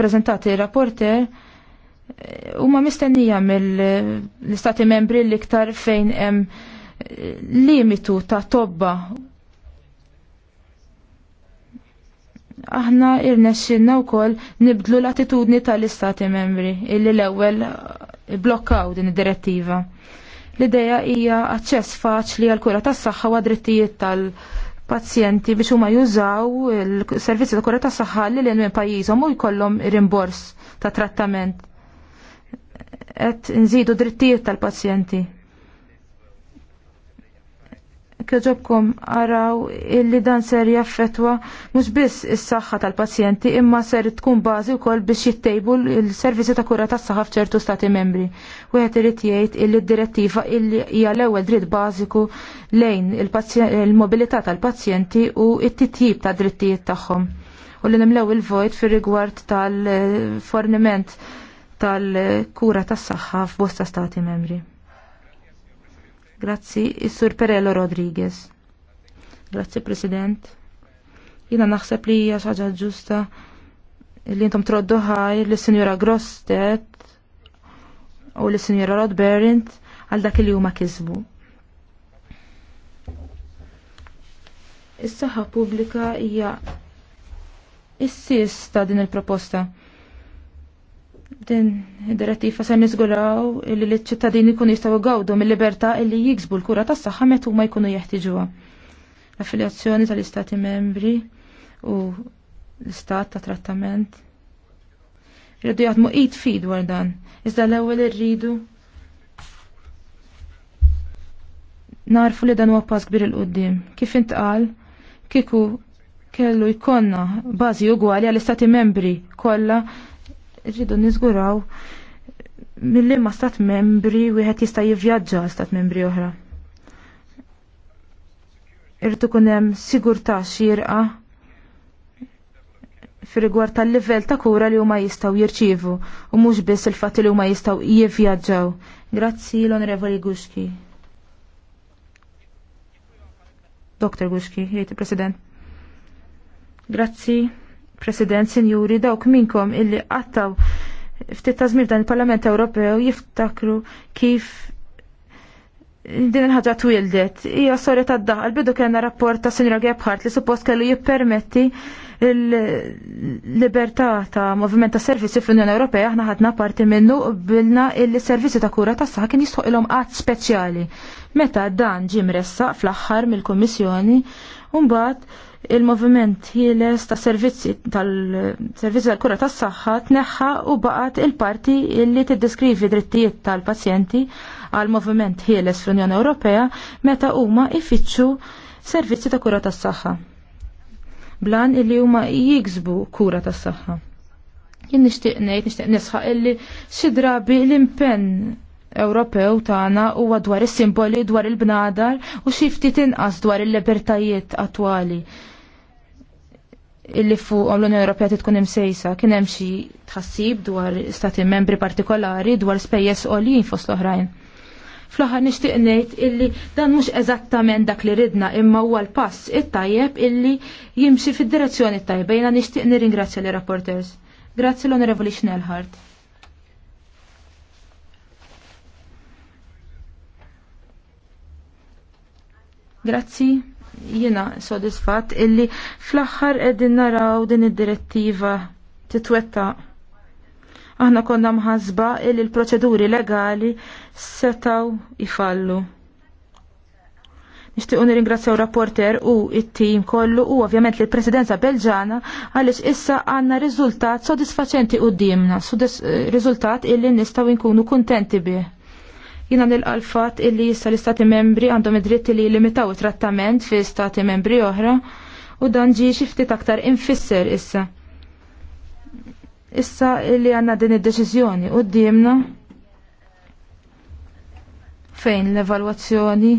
prezentati rapporter eh, huma mistennija mill-istati membri l-iktar fejn hemm eh, limitu ta' tobba aħna irnexxinna wkoll nibdlu l-attitudni tal-istati membri illi l-ewwel blokkaw din id-direttiva. L-ideja hija aċċess faċli għal kura tas-saħħa u drittijiet tal-pazjenti biex huma jużaw il-servizzi ta' kura tas-saħħa li l minn pajjiżhom u jkollhom rimbors ta' trattament. Qed nżidu drittijiet tal-pazjenti kħġobkom għaraw illi dan ser jaffetwa mux biss is-saħħa tal-pazjenti imma ser tkun bażi wkoll biex jittejbu l-servizzi ta' kura tas-saħħa f'ċertu stati membri. Wieħed irid jgħid illi d-direttiva illi hija l-ewwel dritt bażiku lejn il-mobilità tal-pazjenti u t-titjib ta' drittijiet tagħhom. U li nimlew il-vojt fir-rigward tal-forniment tal-kura tas-saħħa f'bosta stati membri. Grazzi, Is-Sur Perello Rodriguez. Grazzi, President. Jina naħseb li hija xaġa ġusta li intom troddu ħaj li Sinjora Grostet u li Sinjora Rodberint għal dak li huma kisbu. Is-saħħa pubblika hija is ta' din il-proposta din id-direttiva se niżguraw li l-ċittadini jkunu jistgħu għawdu mill-libertà li jiksbu l-kura tas-saħħa meta huma jkunu jieħtiġuwa. L-affiljazzjoni tal-Istati membri u l-istat ta' trattament. Rridu jgħatmu id fid dwar dan. Iżda l-ewwel irridu narfu li dan huwa pass kbir il qudiem Kif intqal, kieku kellu jkollna bażi għali għall-istati membri kollha Irridu niżguraw mill ma stat membri wieħed jista' jivvjaġġa stat membri oħra. Irrid ikun hemm sigurtà xierqa fir-rigward tal-livell ta' kura li huma jistgħu jirċievu u mhux biss il-fatt li huma jistgħu jivvjaġġaw. Grazzi l-Onorevoli Guski. Dr. Guski, jgħid il-President. Grazzi. President Sinjuri dawk minkom illi qattaw ftit ta' dan il-Parlament Ewropew jiftakru kif din il-ħagġa twildet. Hija storja ta' daħal bidu kellna rapport ta' Sinjora Gebhardt li suppost kellu jippermetti il-libertà ta' moviment ta' servizzi fl-Unjoni Ewropea aħna ħadna parti minnu bilna il-servizzi ta' kura tas saħkin jistħu ilhom qatt speċjali. Meta dan ġie mressaq fl-aħħar mill-Kummissjoni u mbagħad il-moviment ħieles ta' servizzi tal-servizzi tal-kura tas saħħa tneħħa u baqat il-parti illi tiddeskrivi drittijiet tal-pazjenti għal moviment ħieles fl-Unjoni Ewropea meta huma ifittxu servizzi ta' kura tas saħħa Blan illi huma jiksbu kura tas saħħa Jien nixtieq ngħid nixtieq nisħaq illi xi drabi l-impenn Ewropew tagħna huwa dwar is-simboli dwar il-bnadar u xi ftit inqas dwar il-libertajiet attwali illi fuq l-Unjoni Ewropea tkun hemm sejsa kien hemm xi tħassib dwar stati membri partikolari dwar spejjeż għolin fost l-oħrajn. Fl-aħħar nixtieq ngħid illi dan mhux eżattament dak li ridna imma huwa l-pass it-tajjeb illi jimxi fid-direzzjoni tajba jiena nixtieq nirringrazzja l rapporters Grazzi l-Onorevoli Schnellhardt. Grazzi, jiena sodisfatt illi fl-aħħar qegħdin naraw din id-direttiva titwetta. Aħna konna mħasba illi l-proċeduri legali setaw ifallu. Nishtiqu nirringrazzjaw rapporter u it-tim kollu u ovvjament li l-Presidenza Belġana għaliex issa għanna rizultat sodisfaċenti u dimna eh, rizultat illi nistaw inkunu kontenti bih. Jina nil-qalfat illi jissa l-istati membri għandhom id-dritti li limitaw trattament fi stati membri oħra u dan ġi xifti aktar infisser issa. Issa illi għanna din id-deċizjoni u d dimna fejn l-evalwazzjoni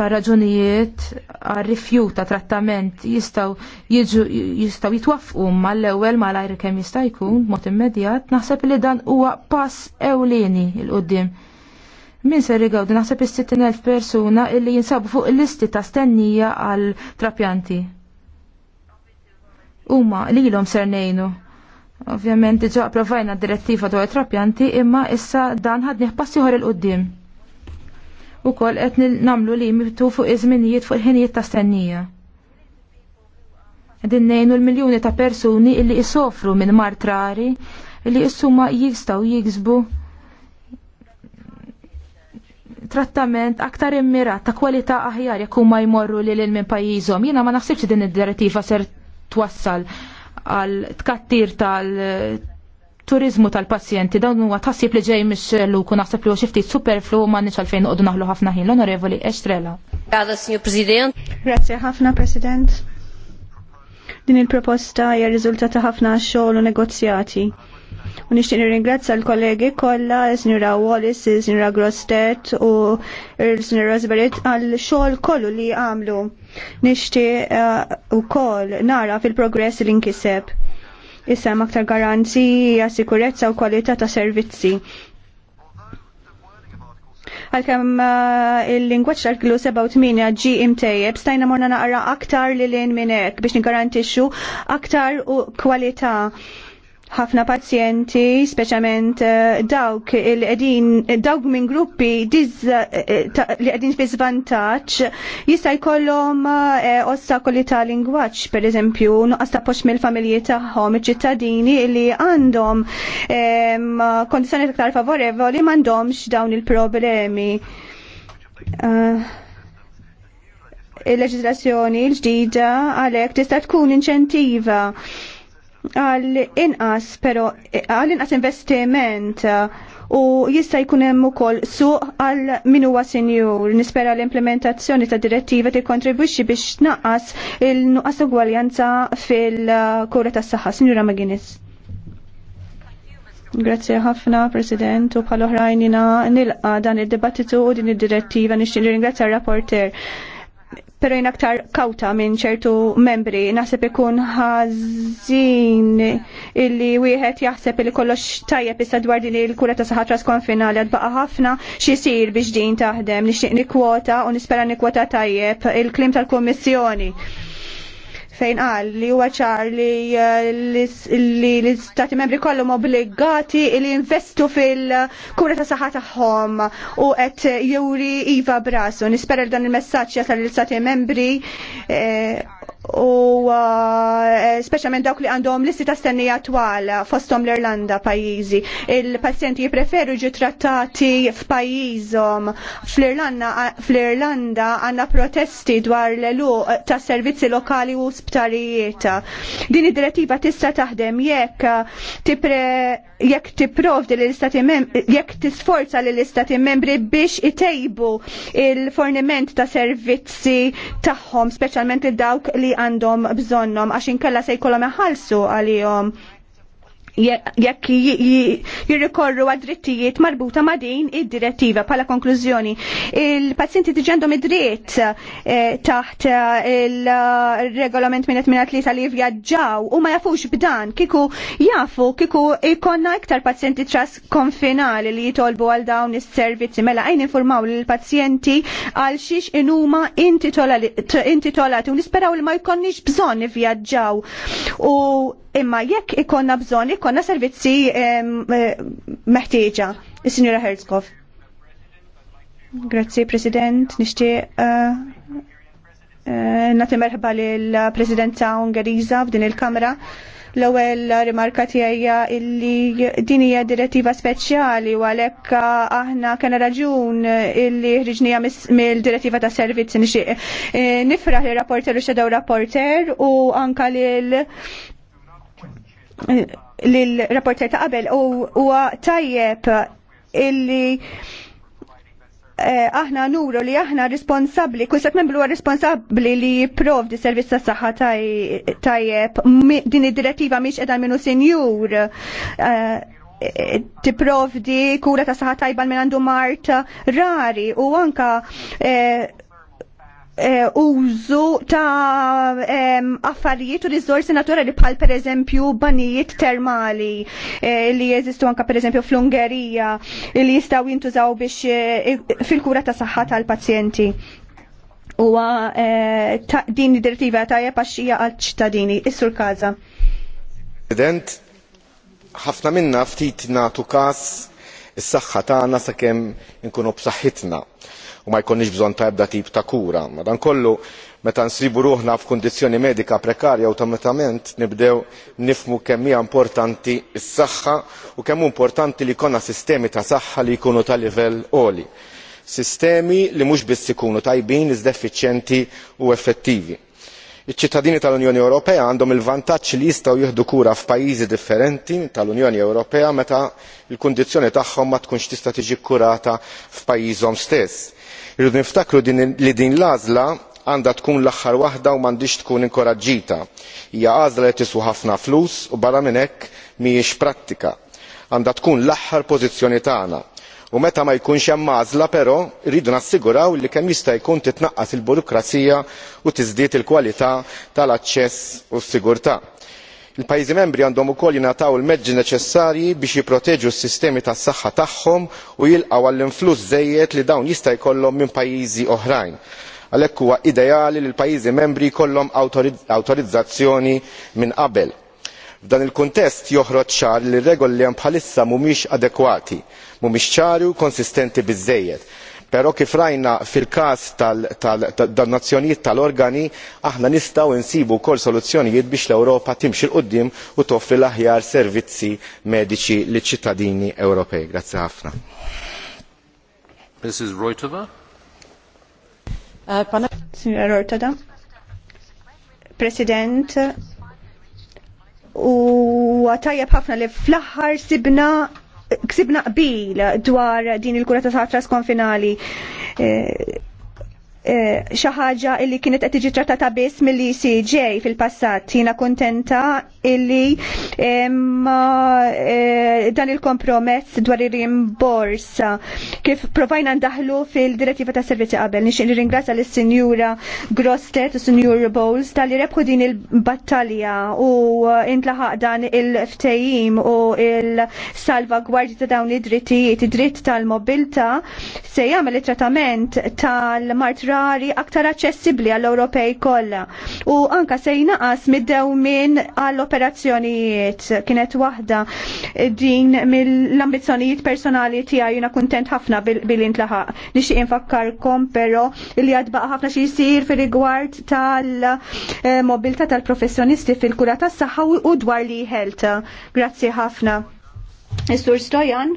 ta' raġunijiet għal rifjuta trattament jistaw jiġu jistaw jitwafqu mal-ewwel malajr kemm jista' jkun mod immedjat, naħseb li dan huwa pass ewlieni il qudiem Min ser rigawdi naħseb is-60,000 persuna illi jinsabu fuq il-listi ta' stennija għal trapjanti. Uma li l-om ser nejnu. Ovvjament ġo approvajna direttiva dwar trapjanti imma issa dan ħad neħpassiħor il-qoddim. U kol qed namlu li mibtu fuq iż-żminijiet fuq il-ħinijiet ta' stennija. Din nejnu l-miljoni ta' persuni illi jisofru minn martrari illi jissuma jistgħu jiksbu trattament aktar immirat ta' kwalità aħjar jekk huma jmorru lil minn pajjiżhom. Jiena ma naħsibx din id-direttiva ser twassal għal tkattir tal eh, turizmu tal-pazjenti dawn huwa tassib li ġej mix kun naħseb li xi ftit superflu ma nix għalfejn noqogħdu naħlu ħafna ħin l-Onorevoli Estrela. Għada, Signor President. Grazie ħafna, President. Din il-proposta hija riżultat ta' ħafna xogħol u negozjati U nixtieq nirringrazzja l-kollegi kollha, is-Sinjura Wallis, is-Sinjura Grostet u il-Sinjura Rosberit għall-xogħol kollu li għamlu. Nixtieq eh, ukoll nara fil-progress li nkiseb. Issa aktar garanzija, sikurezza u kwalità ta' servizzi għalkemm eh, il-lingwaġġ tal-klu 87 ġi imtejjeb stajna morna naqra aktar li l minn hekk biex nigarantixxu aktar u kwalità ħafna pazjenti, speċjalment eh, dawk il edin dawk minn gruppi eh, li qegħdin fi zvantaċ, jista' jkollhom eh, ostakoli ta' lingwaġġ pereżempju nuqqas ta' poċ mill-familji tagħhom iċ-ċittadini li għandhom kondizzjoni iktar favorevoli m'għandhomx dawn il-problemi il-leġislazzjoni l-ġdida għalek tista' tkun inċentiva għal inqas pero eh, għal inqas investiment eh, u jista' jkun hemm ukoll suq għal min huwa senjur. Nispera l-implementazzjoni ta' direttiva tikkontribwixxi biex tnaqqas il-nuqqas ugwaljanza fil-kura tas-saħħa. Sinjura Maginis. Grazie ħafna, President, u bħal oħrajnina nilqa dan id-dibattitu u din id-direttiva nixtieq nirringrazzja r-rapporter pero jien aktar kawta minn ċertu membri naħseb ikun ħażin illi wieħed jaħseb illi kollox tajjeb issa dwar din il-kura ta' saħħa trasconfinali għad baqa' ħafna x'isir biex din taħdem nixtieq nikwota u nispera nikwota tajjeb il-klim tal-Kummissjoni fejn qal li huwa ċar eh, li l-istati membri kollhom obbligati li jinvestu fil-kura ta' saħħa tagħhom u qed juri iva brasu. Nispera li dan il-messaġġ jasal l-istati membri eh, u uh, specialment dawk li għandhom listi ta' stennija twal fostom l-Irlanda pajizi. Il-pazjenti jipreferu ġi trattati f'pajizom. Fl-Irlanda għanna protesti dwar l-elu ta' servizzi lokali u sptarijiet. Din id-direttiva tista' taħdem jekk tipre jekk tipprovdi l-istati membri, jekk tisforza l-istati membri biex itejbu il-forniment ta' servizzi tagħhom, specialment id-dawk li għandhom bżonnom għax inkella se jkollhom iħallsu għalihom jekk jirrikorru għad-drittijiet marbuta ma' din id-direttiva pala konklużjoni. Il-pazjenti tiġendhom id-dritt eh, taħt eh, il-regolament minnet minnet li tal vjaġġaw u ma jafux b'dan kiku jafu kiku ikonna iktar pazjenti tras konfinali li jitolbu għal dawn is-servizzi mela għajn informaw l-pazjenti għal xiex inuma intitolati u nisperaw li ma jkonniex bżon vjaġġaw u imma jekk ikonna bżon ikonna konna servizzi eh, meħtieġa. Is-Sinjura Herzkov. Grazzi, President. Nixtieq eh, eh, nagħti merħba lill-Presidenza Ungeriża f'din il-Kamra l-ewwel rimarka tiegħi illi din hija direttiva speċjali u għalhekk aħna kena raġun illi ħriġnija mill-direttiva ta' servizz nixtieq. Nifraħ li rapporter u xedew rapporter u anka lil l-rapporter ta' qabel u huwa tajjeb illi eh, aħna nuru li aħna responsabli, kusat membru huwa responsabli li di servizz ta' saħħa tajjeb din id-direttiva miex qiegħda minnu senjur eh, tipprovdi kura ta' saħħa tajba minn għandu mart rari u anka eh, Eh, użu ta' affarijiet u rizorsi naturali bħal per eżempju banijiet termali eh, li jeżistu anka per eżempju fl-Ungerija li jistaw jintużaw biex eh, fil-kura ta' saħħa tal-pazjenti. Huwa din id-direttiva jepa xija għal-ċittadini. Is-sur Kaza. President, ħafna minna ftit natu kas is-saħħa tagħna sakemm inkunu b'saħħitna u ma jkollniex bżonn ta' ebda tip ta' kura. Madankollu meta nsibu ruħna f'kundizzjoni medika prekarja awtomatament nibdew nifhmu kemm hija importanti s-saħħa u kemm hu importanti li jkollna sistemi ta' saħħa li jkunu ta' livell għoli sistemi li mhux biss ikunu tajbin iżda effiċjenti u effettivi. Iċ-ċittadini tal-Unjoni Ewropea għandhom il-vantaġġ li jistgħu jieħdu kura f'pajjiżi differenti tal-Unjoni Ewropea meta l-kundizzjoni tagħhom ma tkunx tista' tiġi kkurata f'pajjiżhom stess. Irrid niftakru li din l-għażla għandha tkun l-aħħar waħda u m'għandix tkun inkoraġġita hija għażla li tiswa ħafna flus u barra minn hekk mhijiex prattika għandha tkun l-aħħar pożizzjoni tagħna u meta ma jkunx hemm għażla però rridu nassiguraw li kemm jista' jkun titnaqqas il burokrazija u tiżdied il kwalità tal aċċess u s sigurtà il pajjiżi membri għandhom ukoll jingħataw il mezzi neċessarji biex jipproteġu s-sistemi tas-saħħa tagħhom u jilqgħu għall influss żejjed li dawn jista' jkollhom minn pajjiżi oħrajn għalhekk huwa ideali li l-pajjiżi membri jkollhom awtorizzazzjoni minn qabel. f'dan il kuntest joħroġ ċar li r regoli li hemm bħalissa mhumiex adekwati mhumiex ċari u konsistenti biżżejjed però kif rajna fil każ tal donazzjonijiet tal organi aħna nistgħu nsibu wkoll soluzzjonijiet biex l ewropa timxi l quddiem u toffri l aħjar servizzi mediċi liċ ċittadini ewropej. Uh, President, u ħafna li fl sibna ksibna qbil dwar din il-kura ta' satra skonfinali. Eh, Eh, xi ħaġa li kienet qed tiġi trattata biss mill-ECJ fil-passat. Jiena kuntenta illi eh, dan il-kompromess dwar ir-rimbors kif provajna ndaħlu fil-direttiva ta' servizzi qabel. Nixin nirringrazzja lis sinjura Grostet u Sinjur Bowles tal-li rebħu din il-battalja u intlaħaq dan il-ftejim u il salvagwardja ta' dawn id-drittijiet, id-dritt tal-mobilta se jagħmel it-trattament tal-martra rari aktar aċċessibbli għall-Ewropej kollha. U anka se jnaqas middew minn għall-operazzjonijiet kienet waħda din mill-ambizzjonijiet personali tiegħi jiena kuntent ħafna bil-intlaħaq. Nixtieq infakkarkom però li jadbaq ħafna xi jsir fir-rigward tal-mobilità tal-professjonisti fil-kura tas-saħħa u dwar li health. Grazzi ħafna. Istur Stojan.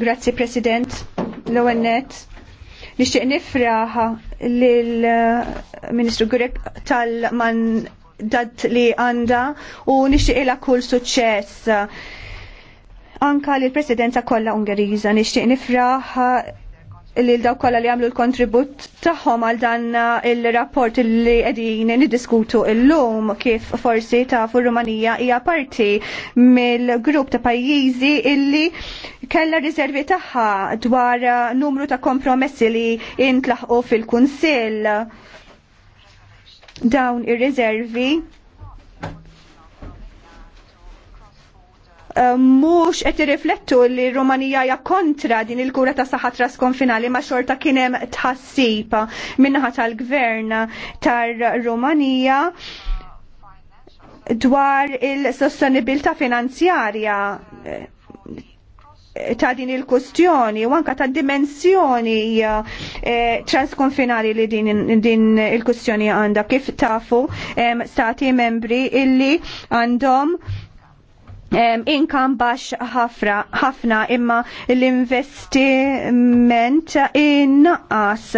Grazie President. L-ewwel nett nixtieq l lill-Ministru uh, Grek tal-man dat li għanda u nixtieq ila kull suċċess. Anka lill presidenza kollha Ungeriża nixtieq nifraħa li l-daw kolla li għamlu l-kontribut taħħom għal dan uh, il-rapport li għedin nidiskutu il lum kif forsi ta' fu Rumanija hija parti mill-grupp ta' pajjiżi illi kella riservi taħħa dwar uh, numru ta' kompromessi li intlaħqu fil-Kunsill. Dawn ir-riservi Eh, mux qed irriflettu li Rumanija hija kontra din il-kura ta' saħħa trasconfinali ma' xorta kien hemm tħassib minnaħa tal-gvern tar-Rumanija dwar il-sostenibilità finanzjarja eh, ta' din il-kustjoni u anka ta' dimensjoni eh, transkonfinali li din, din il-kustjoni għanda kif tafu eh, stati membri illi għandhom inkam bax ħafna imma l-investiment innaqas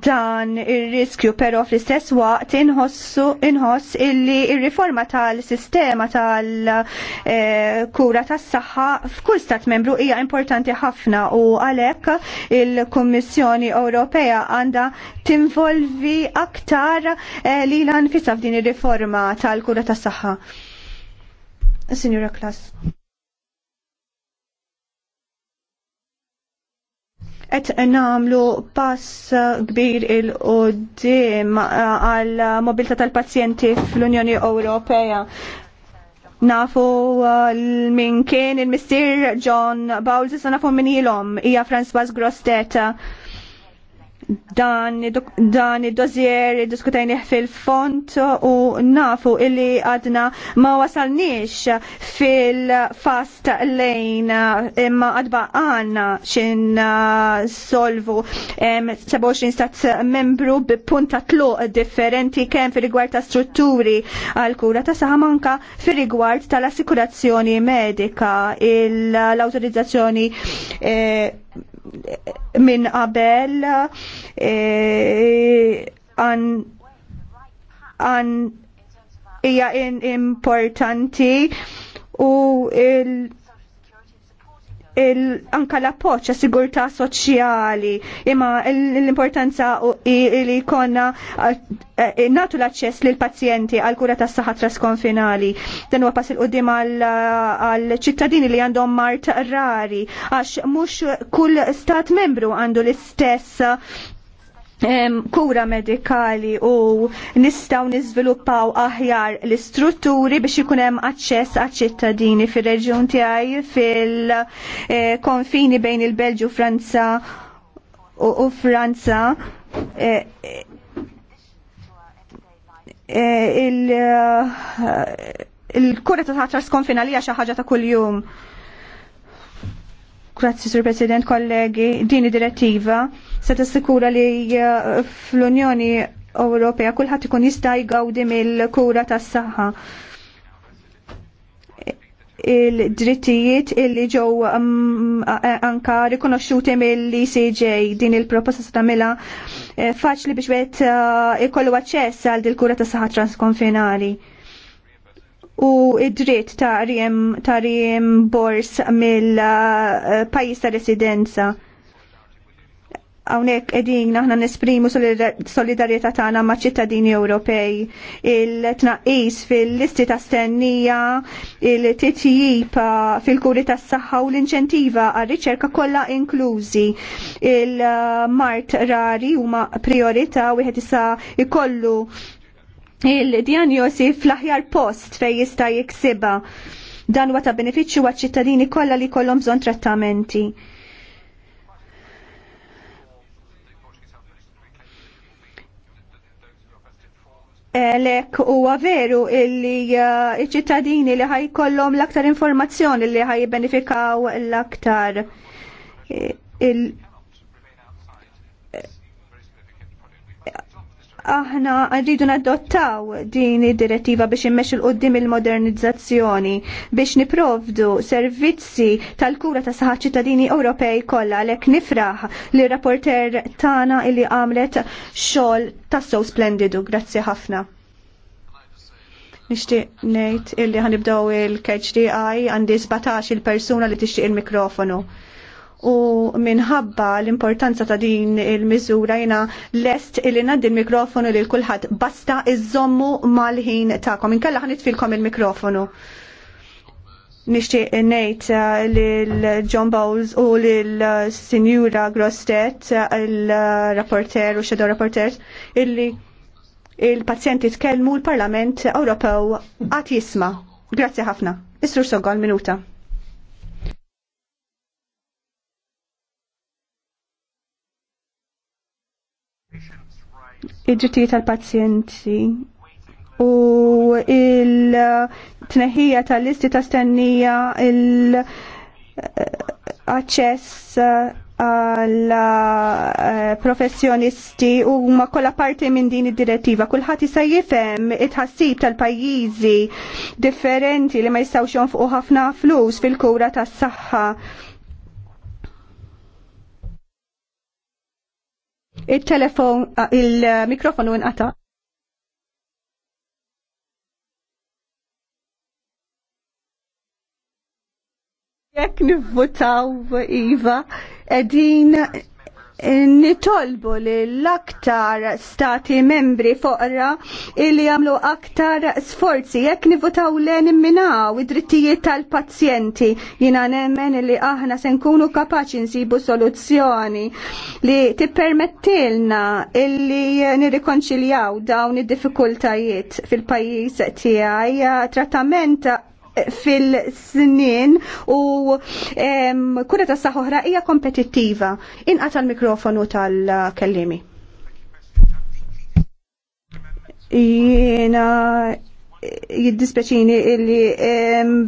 dan ir riskju pero fl-istess waqt inħossu inħoss illi r riforma tal-sistema tal-kura eh, tas-saħħa f'kull stat membru hija importanti ħafna u għalhekk il-Kummissjoni Ewropea għandha tinvolvi aktar eh, lil l f'din ir-riforma tal-kura tas-saħħa. Signora Klas. Et namlu pass kbir il-qoddim eh, għal mobilta tal-pazjenti fl-Unjoni Ewropea. Nafu eh, minn kien il-Mistir John Bowles, nafu minn ilom, ija Franz Bas Grosteta dan id-dozier diskutajni fil-font u nafu illi għadna ma wasalniex fil-fast lane imma għadba għanna xin uh, solvu 27 stat membru bi punta tluq differenti kem fil-rigward ta' strutturi għal-kura ta' saħamanka fil-rigward tal-assikurazzjoni medika l-autorizzazzjoni eh, minn qabel għan e, għan hija importanti u il- anka l-appoċ sigurtà soċjali imma l-importanza li konna eh, eh, natu l-aċċess lil pazjenti għal kura tas saħħa trasconfinali. Dan huwa pass il-qudiem għal ċittadini li għandhom mart rari għax mhux kull stat membru għandu l-istess kura medikali u nistaw nizviluppaw aħjar l-istrutturi biex ikun hemm aċċess għaċ-ċittadini fir-reġjun tiegħi fil-konfini bejn il-Belġju Franza u Franza e, e, e, il-kura ta' ħatra skonfina li xi ħaġa ta' kuljum. Grazzi, Sur President, kollegi, dini direttiva se tassikura li eh, fl-Unjoni Ewropea kulħadd ikun jista' jgawdi mill-kura tas-saħħa il-drittijiet illi ġew mm, eh, anka rikonoxxuti mill-ECJ din il-proposta se tagħmilha eh, faċli biex wieħed ikollu aċċess għal il kura tas-saħħa transkonfinali u id-dritt ta' Bors mill-pajis eh, ta' residenza. Hawnhekk qegħdin aħna nesprimu solidarjetà tagħna ma' ċittadini Ewropej. Il-tnaqqis fil-listi ta' stennija, il-titjib fil-kuri tas-saħħa u l-inċentiva għar-riċerka kollha inklużi. Il-mart rari huma priorità wieħed issa ikollu il-djanjosi fl-aħjar post fej jista' jiksiba dan huwa ta' benefiċċju għal ċittadini kollha li kollhom bżonn trattamenti. Lek huwa veru illi uh, ċittadini li ħajkollhom l-aktar informazzjoni li ħaj benefikaw l-aktar aħna rridu nadottaw din id-direttiva biex immexxu l-qoddim il-modernizzazzjoni biex niprovdu servizzi tal-kura ta' saħħa ċittadini Ewropej kollha għalhekk nifraħ li rapporter tagħna illi għamlet xogħol tassew splendidu. Grazzi ħafna. Nixtieq ngħid illi ħanibdew il-catch għandi 17 il-persuna li tixtieq il-mikrofonu. il mikrofonu u minħabba l-importanza ta' din il-miżura jena lest illi naddi il-mikrofonu li l-kulħadd basta iż-zommu mal-ħin ta'kom. Inkella ħanitfilkom il-mikrofonu. Nixtieq ngħid uh, lil John Bowles u l uh, Sinjura Grostet, uh, il-rapporter u shadow rapporter, illi il-pazjenti tkellmu l-Parlament Ewropew għat jisma. Grazzi ħafna. Isru sogol minuta. id-ġittijiet tal-pazjenti u il-tneħija tal-listi ta' stennija il-aċess eh, għal eh, professjonisti u ma kolla parti minn din id-direttiva. Kulħadd jista' jifhem it-ħassib tal-pajjiżi differenti li ma jistgħux jonfqu ħafna flus fil-kura tas-saħħa Il-telefon, ah, il-mikrofonu inqata'. Jek nivvotaw Iva, edin nitolbu li l-aktar stati membri foqra illi jamlu aktar sforzi jekk nivutaw l imminaw id-drittijiet tal-pazjenti jina nemmen li aħna se nkunu kapaċi nsibu soluzzjoni li tippermettilna illi nirrikonċiljaw dawn id-diffikultajiet fil-pajjiż tiegħi trattament fil-snin u kura ta' saħoħra hija kompetittiva. Inqata l-mikrofonu tal-kellimi. Jena jiddispeċini illi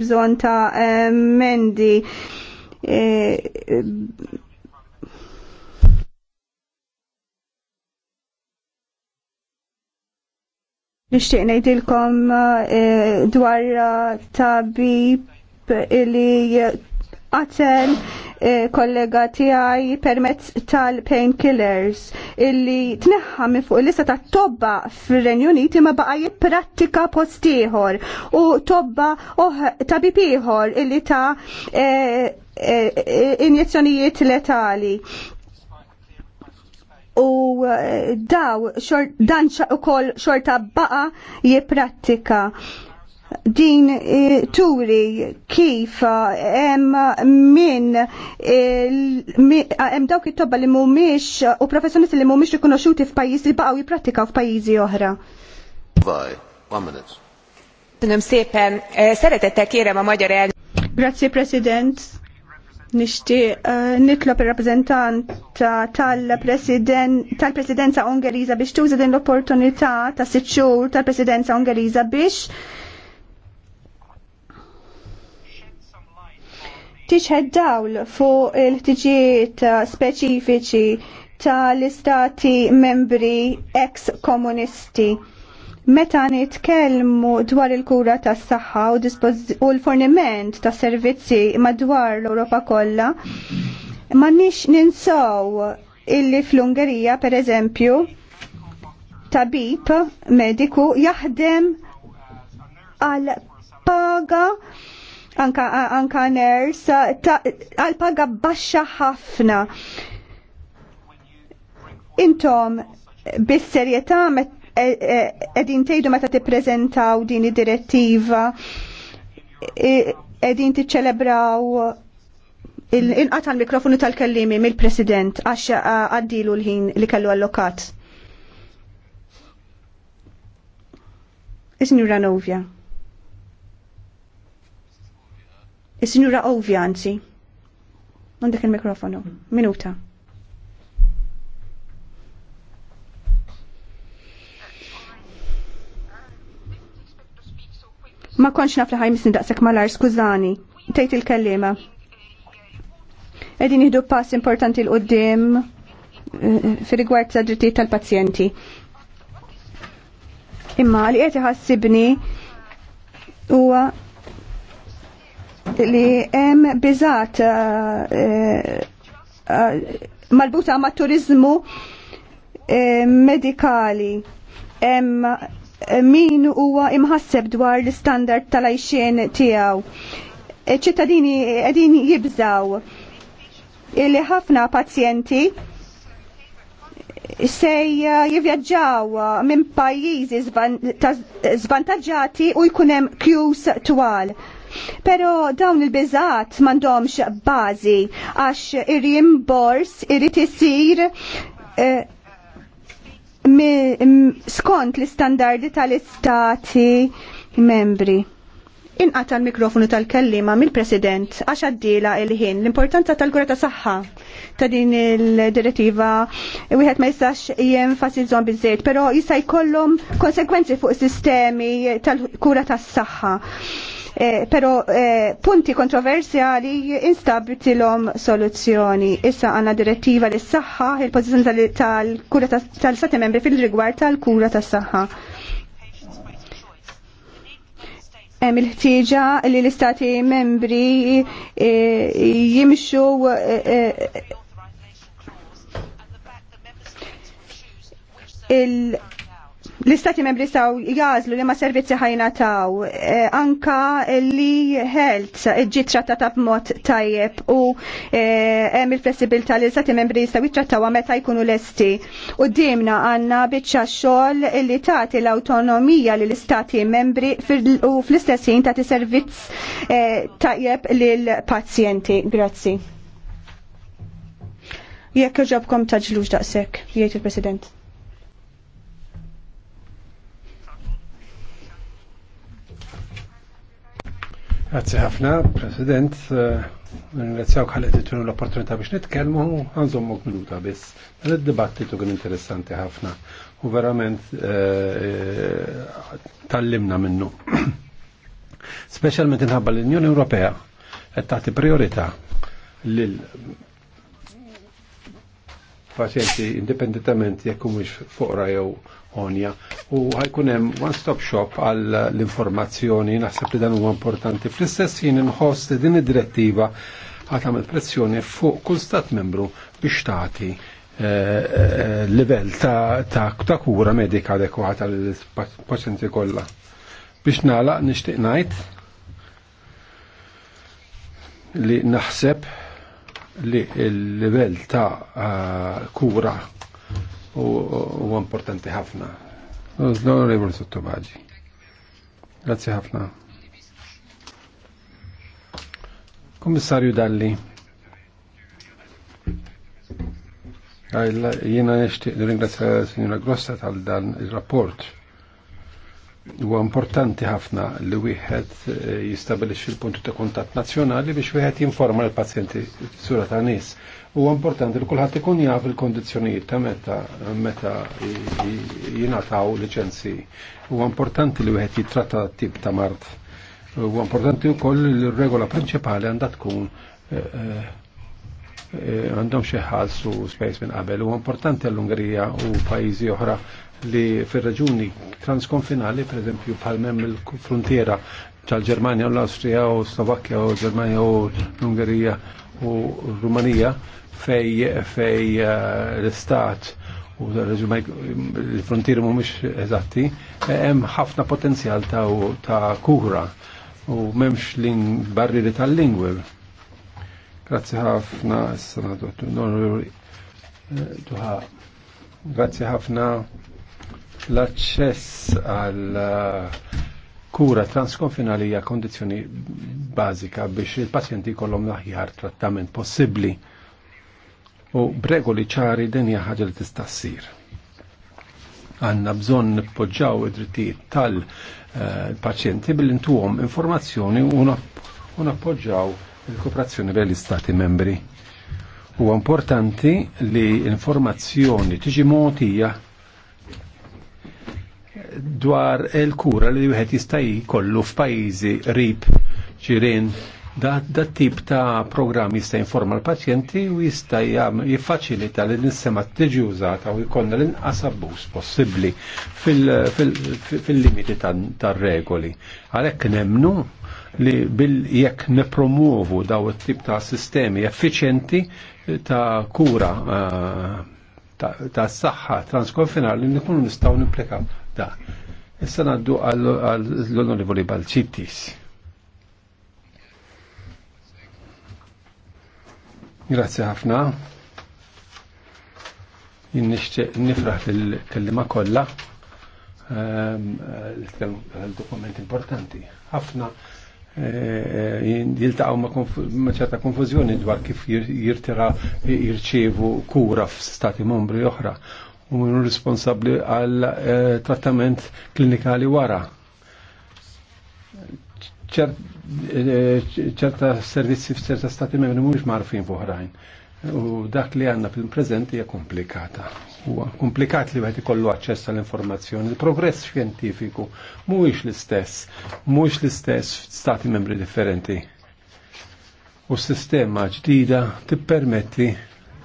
bżon ta' mendi eh, Nixtieq ngħidilkom eh, eh, dwar eh, tabib li qatel kollega tiegħi permezz tal-painkillers illi tneħħa minn fuq il-lista ta' tobba fir-Renju Unit imma baqa' jipprattika post ieħor u tobba tabib ieħor illi ta' injezzjonijiet letali u eh, daw dan u kol xorta baqa jiprattika din eh, turi kif hemm eh, min hemm dawk it-tobba li mhumiex u professjonisti li mhumiex rikonoxxuti f'pajjiż li baqgħu jippratikaw f'pajjiżi oħra. Köszönöm szépen. Szeretettel kérem a magyar elnök. Grazie, President. Nishtiq uh, eh, nitlob il-rappresentant tal-presidenza tal Ungeriża biex tuża din l-opportunità ta' sitt xhur tal-presidenza Ungeriża biex tiċħed dawl fuq il-ħtiġijiet speċifiċi tal-istati membri ex-komunisti. Meta nitkellmu dwar il-kura tas saħħa u, u l-forniment ta' servizzi madwar l-Europa kollha, ma nix ninsaw illi fl-Ungerija per eżempju tabib mediku jaħdem għal paga anka, anka ners għal paga baxxa ħafna. Intom bis-serjetà edin tejdu meta tippreżentaw din id-direttiva e, edin tiċċelebraw il-inqata l-mikrofonu tal-kellimi mill-President għax għaddilu l-ħin li kellu allokat. Is-Sinjura Novja. Is-Sinjura Ovja, anzi. Għandek il-mikrofonu. Minuta. Ma konx naf li ħajmis nidaqsek malar, skużani, tejt il-kellima. Edin jihdu pass importanti l-qoddim eh, eh, fi rigward ta' drittijiet tal-pazjenti. Imma li qed iħassibni huwa li hemm biżat eh, malbuta ma' turizmu medikali hemm min huwa imħasseb dwar l-standard tal-għajxien tiegħu. ċittadini qegħdin jibżaw li ħafna pazjenti se jivjaġġaw minn pajjiżi zvantagġati u jkun hemm kjus twal. Pero dawn il-biżat m'għandhomx bażi għax ir-rimbors irid isir eh, skont l-istandardi tal-istati membri. Inqata l-mikrofonu tal-kellima mill-President għax għaddila il-ħin l-importanza tal-kura ta' saħħa ta' din il-direttiva wieħed ma jistax jenfasizzhom bizzejt, però jista' jkollhom konsekwenzi fuq is-sistemi tal-kura tas-saħħa. Eh, pero eh, punti kontroversjali instabitilhom soluzzjoni. Issa għandna direttiva li s-saħħa, il-pożizzjoni tal-kura tal sati membri fil-rigward tal-kura tas-saħħa. Hemm il-ħtieġa li l-istati membri eh, jimxu eh, il- l-istati membri staw jazlu li ma servizzi ħajna taw eh, anka li health ġi trattata b'mod tajjeb u eh, hemm eh, il-flessibilità li l-istati membri jistaw jittrattaw meta jkunu lesti. U dimna għanna biċċa xogħol li tagħti l-awtonomija li l-istati membri u fl-istess ħin tagħti servizz eh, tajjeb lill-pazjenti. Grazzi. Jekk ġobkom taġluġ daqshekk, jgħid il-President. Grazie ħafna, President. Ringrazzjawk ħalli titunu l-opportunità biex nitkellmu għanżommu minuta biss. Dan dibattitu kien interessanti ħafna u verament eh, tallimna minnu. [CLEARS THROAT] Specialment inħabba l-Unjoni Ewropea qed tagħti priorità lil pazjenti indipendentament jekk mhux foqra jew onja u għajkun hemm one-stop shop għal l-informazzjoni naħseb li dan huwa importanti. Fl-istess jien inħoss li din id-direttiva ħat tagħmel pressjoni fuq kull stat membru biex tagħti eh, eh, livell ta' kura medika adekwata l-pazjenti kollha. Biex nagħlaq nixtieq ngħid li naħseb li l-livell ta' eh, kura u importanti ħafna. L-onorevoli Sottomaġi. Grazie ħafna. Kommissarju Dalli. Jena nishti ringrazzja signora Grossa tal dan il-rapport. Huwa importanti ħafna li wieħed eh, jistabilixxi il punti ta' kuntatt nazzjonali biex wieħed jinforma l-pazjenti sura ta' nies U importanti li kulħadd ikun jaf il-kondizzjonijiet ta' meta meta jingħataw liċenzji. U importanti li wieħed jitratta tip ta' mart. U importanti wkoll li r-regola prinċipali għandha tkun eh, eh, eh, għandhom xi ħalsu space minn qabel. U importanti għall ungerija u pajjiżi oħra li fir-raġuni transkonfinali, pereżempju bħal palmem il fruntiera tal-Ġermanja u l-Awstrija u Slovakkja u Ġermanja u l-Ungerija u Rumanija fej fej eh, l-istat u l-frontieri mhumiex eżatti, eh, hemm ħafna potenzjal ta' kura u m'hemmx barriri tal-lingwi. Grazzi ħafna, s-sanadu, tuħa. Eh, ħafna l-aċċess għal kura transkonfinalija kondizjoni bażika biex il-pazjenti kollom l-aħjar trattament possibbli u bregoli ċari din hija ħaġa li tista' ssir. Għandna bżonn nippoġġaw id-drittijiet tal-pazjenti uh, billi ntuhom informazzjoni u nappoġġaw il-kooperazzjoni bejn l-istati membri. Huwa importanti li informazzjoni tiġi motija dwar il-kura li wieħed jista' jkollu f'pajjiżi rib ġirien Dat tip ta' program jista' informa l-pazjenti u jista' jiffaċilita li l-insema tiġi użata u jkollna l-inqas abbuż possibbli fil-limiti tar-regoli. Għalhekk nemnu li bil jekk nipromuvu daw it-tip ta' sistemi effiċjenti ta' kura eh, ta' s-saxħa transkonfinali li nkunu nistgħu nimplikaw da. Issa naddu għall-onorevoli Balċittis. Grazzi ħafna. Jien nifraħ fil kellima kollha ehm, dokument importanti. ħafna eh, eh, jiltaqaw ma' ċerta konfużjoni dwar kif jirtira jirċevu kura f'stati membri oħra u minnu responsabli għal eh, trattament klinikali wara. Eh, ċerta servizzi f'ċerta stati membri mhumiex marfin f'oħrajn. U dak li għanna fil-prezent hija komplikata. Huwa komplikat li wieħed ikollu aċċess għall informazzjoni Il-progress xjentifiku mhuwiex l-istess, mhuwiex l-istess f'stati membri differenti. U s-sistema ġdida tippermetti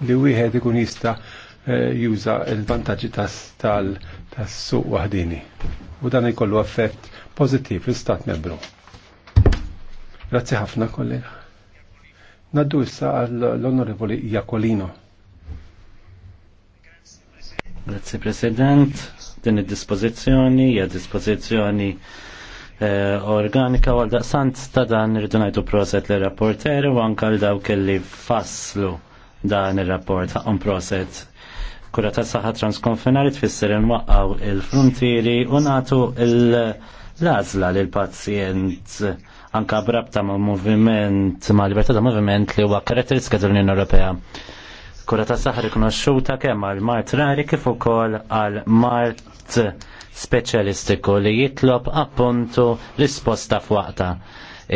li wieħed ikun jista' eh, juża l-vantaġġi tas-suq waħdini. U dan ikollu effett pożittiv fl-istat membru. Grazzi ħafna kollega. Naddu issa għall-Onorevoli Jakolino. Grazzi President, din id-dispożizzjoni hija dispożizzjoni eh, organika għal daqsant ta' dan irridu ngħidu proset l rapporter u anke għal dawk li faslu dan ir-rapport ħaqhom proset kura ta' saħħa transkonfinari tfisser inwaqqaw il-frontieri u nagħtu l-għażla lil pazjent anka brabta ma' moviment ma' libertà ta' moviment li huwa karatteristika tal-Unjoni Ewropea. Kura ta' saħħa rikonoxxuta kemm għal mart rari kif ukoll għal mart speċjalistiku li jitlob appuntu risposta f'waqta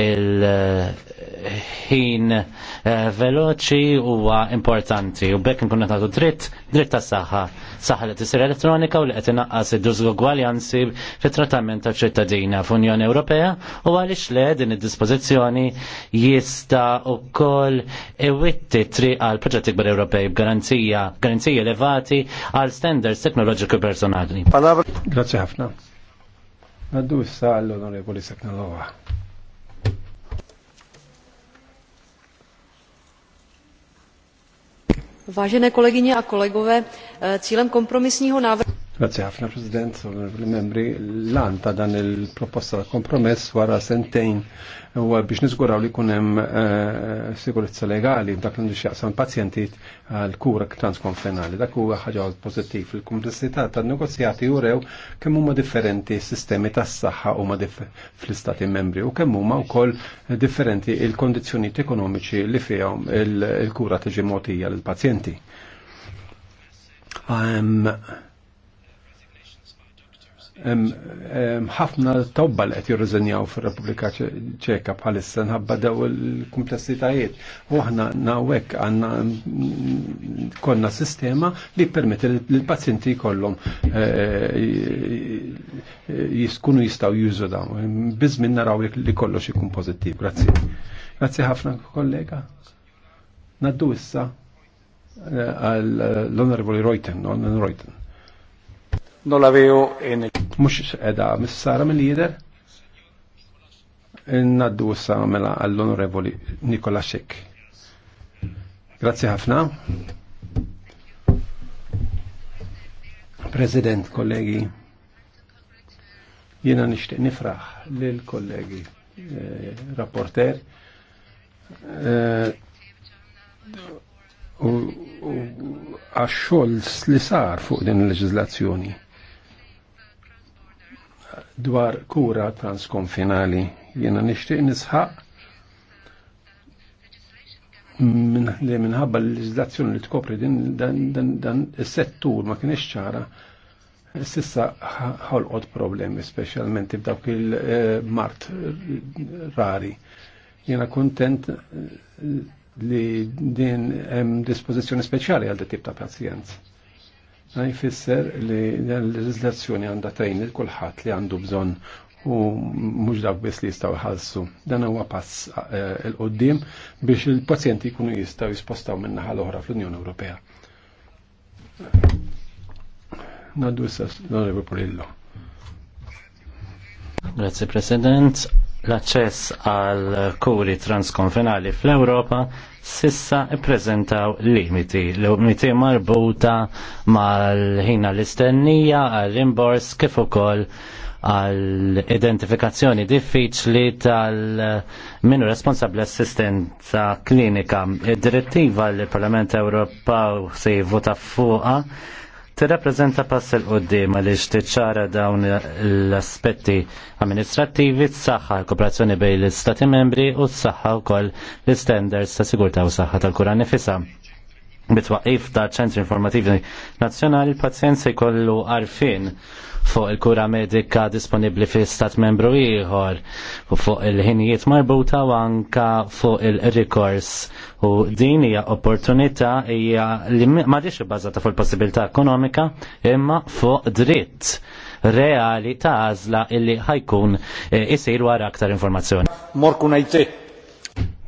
il ħin eh, veloċi huwa importanti u bekk nkun nagħtu dritt dritt tas-saħħa saħħa li tisir elettronika u li qed inaqqas id-dużgwaljanzi fit-trattament tal-ċittadina f'Unjoni Ewropea u għaliex le din id-dispożizzjoni jista' wkoll iwitti triq għal proġetti kbar Ewropej b'garanzija garanzija elevati għal standards teknoloġiku personali. Grazie ħafna. Għaddu issa għall-onorevoli Saknalova. Vážené kolegyně a kolegové, eh, cílem kompromisního návrhu. Grazie ħafna Presidente, onorevoli membri. L'anta dan il-proposta da compromesso wara sentejn u biex niżguraw li jkun hemm eh, sigurezza legali dak li jaqsam pazjenti għal kura transkonfenali. Dak huwa ħaġa pożittiv. Il-kumplessità tan-negozjati rew kemm huma differenti s-sistemi tas-saħħa huma fl-istati membri u kemm huma wkoll differenti il-kondizzjonijiet ekonomiċi li fihom il-kura tiġi mogħtija lill-pazjenti ehm, ħafna tobba li qed jirriżenjaw fir-Repubblika Ċeka bħalissa nħabba daw il-kumplessitajiet. U aħna nawek għandna mm, konna sistema li permetti l-pazjenti jkollhom eh, eh, jiskunu jistgħu jużu daw. Biżmin naraw li kollox ikun pożittiv. Grazzi. Grazzi ħafna kollega. Naddu issa eh, l-Onorevoli Reuten, non Reuten non la veo mux edha missara mill-lider. Naddu issa mela għall-onorevoli Nikola Shek. Grazie ħafna. President, kollegi, jiena nishtiq nifraħ lil kollegi eh, rapporter eh, u għaxxol li sar fuq din il-leġizlazzjoni dwar kura transkonfinali. Jena nishtiq nisħaq li minħabba l-leġizlazzjoni li tkopri din dan is-settur ma kienx ċara sissa ħolqot problemi, specialment f'dawk il-mart rari. Jena kontent eh, li din hemm dispożizzjoni speċjali għal tip ta' pazjenza Dan jfisser li dan l-leġislazzjoni għandha tgħin lil kulħadd li għandu bżonn u mhux dawk biss li jistgħu jħallsu. Dan huwa pass eh, il qoddim biex il-pazjenti jkunu jistgħu jispostaw minna naħa l-oħra fl-Unjoni Ewropea. Naddu issa l-Onorevole Polillo. Grazie President. L-aċċess għal kuri transkonfinali fl-Ewropa sissa ippreżentaw limiti, limiti marbuta mal-ħina l-istennija, għal-imbors, kif ukoll għal-identifikazzjoni diffiċli tal-minu responsabli assistenza klinika. Id-direttiva l-Parlament Ewropew se jivvota fuqa tirrappreżenta pass il qoddim li xtiċċara dawn l-aspetti amministrattivi tsaħħa l-kooperazzjoni bejn l-Istati membri u t-saħħa wkoll l-standards ta' sigurtà u saħħa tal-kura nifisha bitwaqif ta' ċentri informativi nazzjonali il-pazjent se jkollu għarfien fuq il-kura medika disponibli fi stat membru ieħor u fuq il-ħinijiet marbuta u anka fuq il-rikors u din hija opportunità hija li m'għadix ibbażata fuq il-possibilità ekonomika imma fuq dritt reali ta' għażla illi ħajkun eh, isir wara aktar informazzjoni. Morku najte.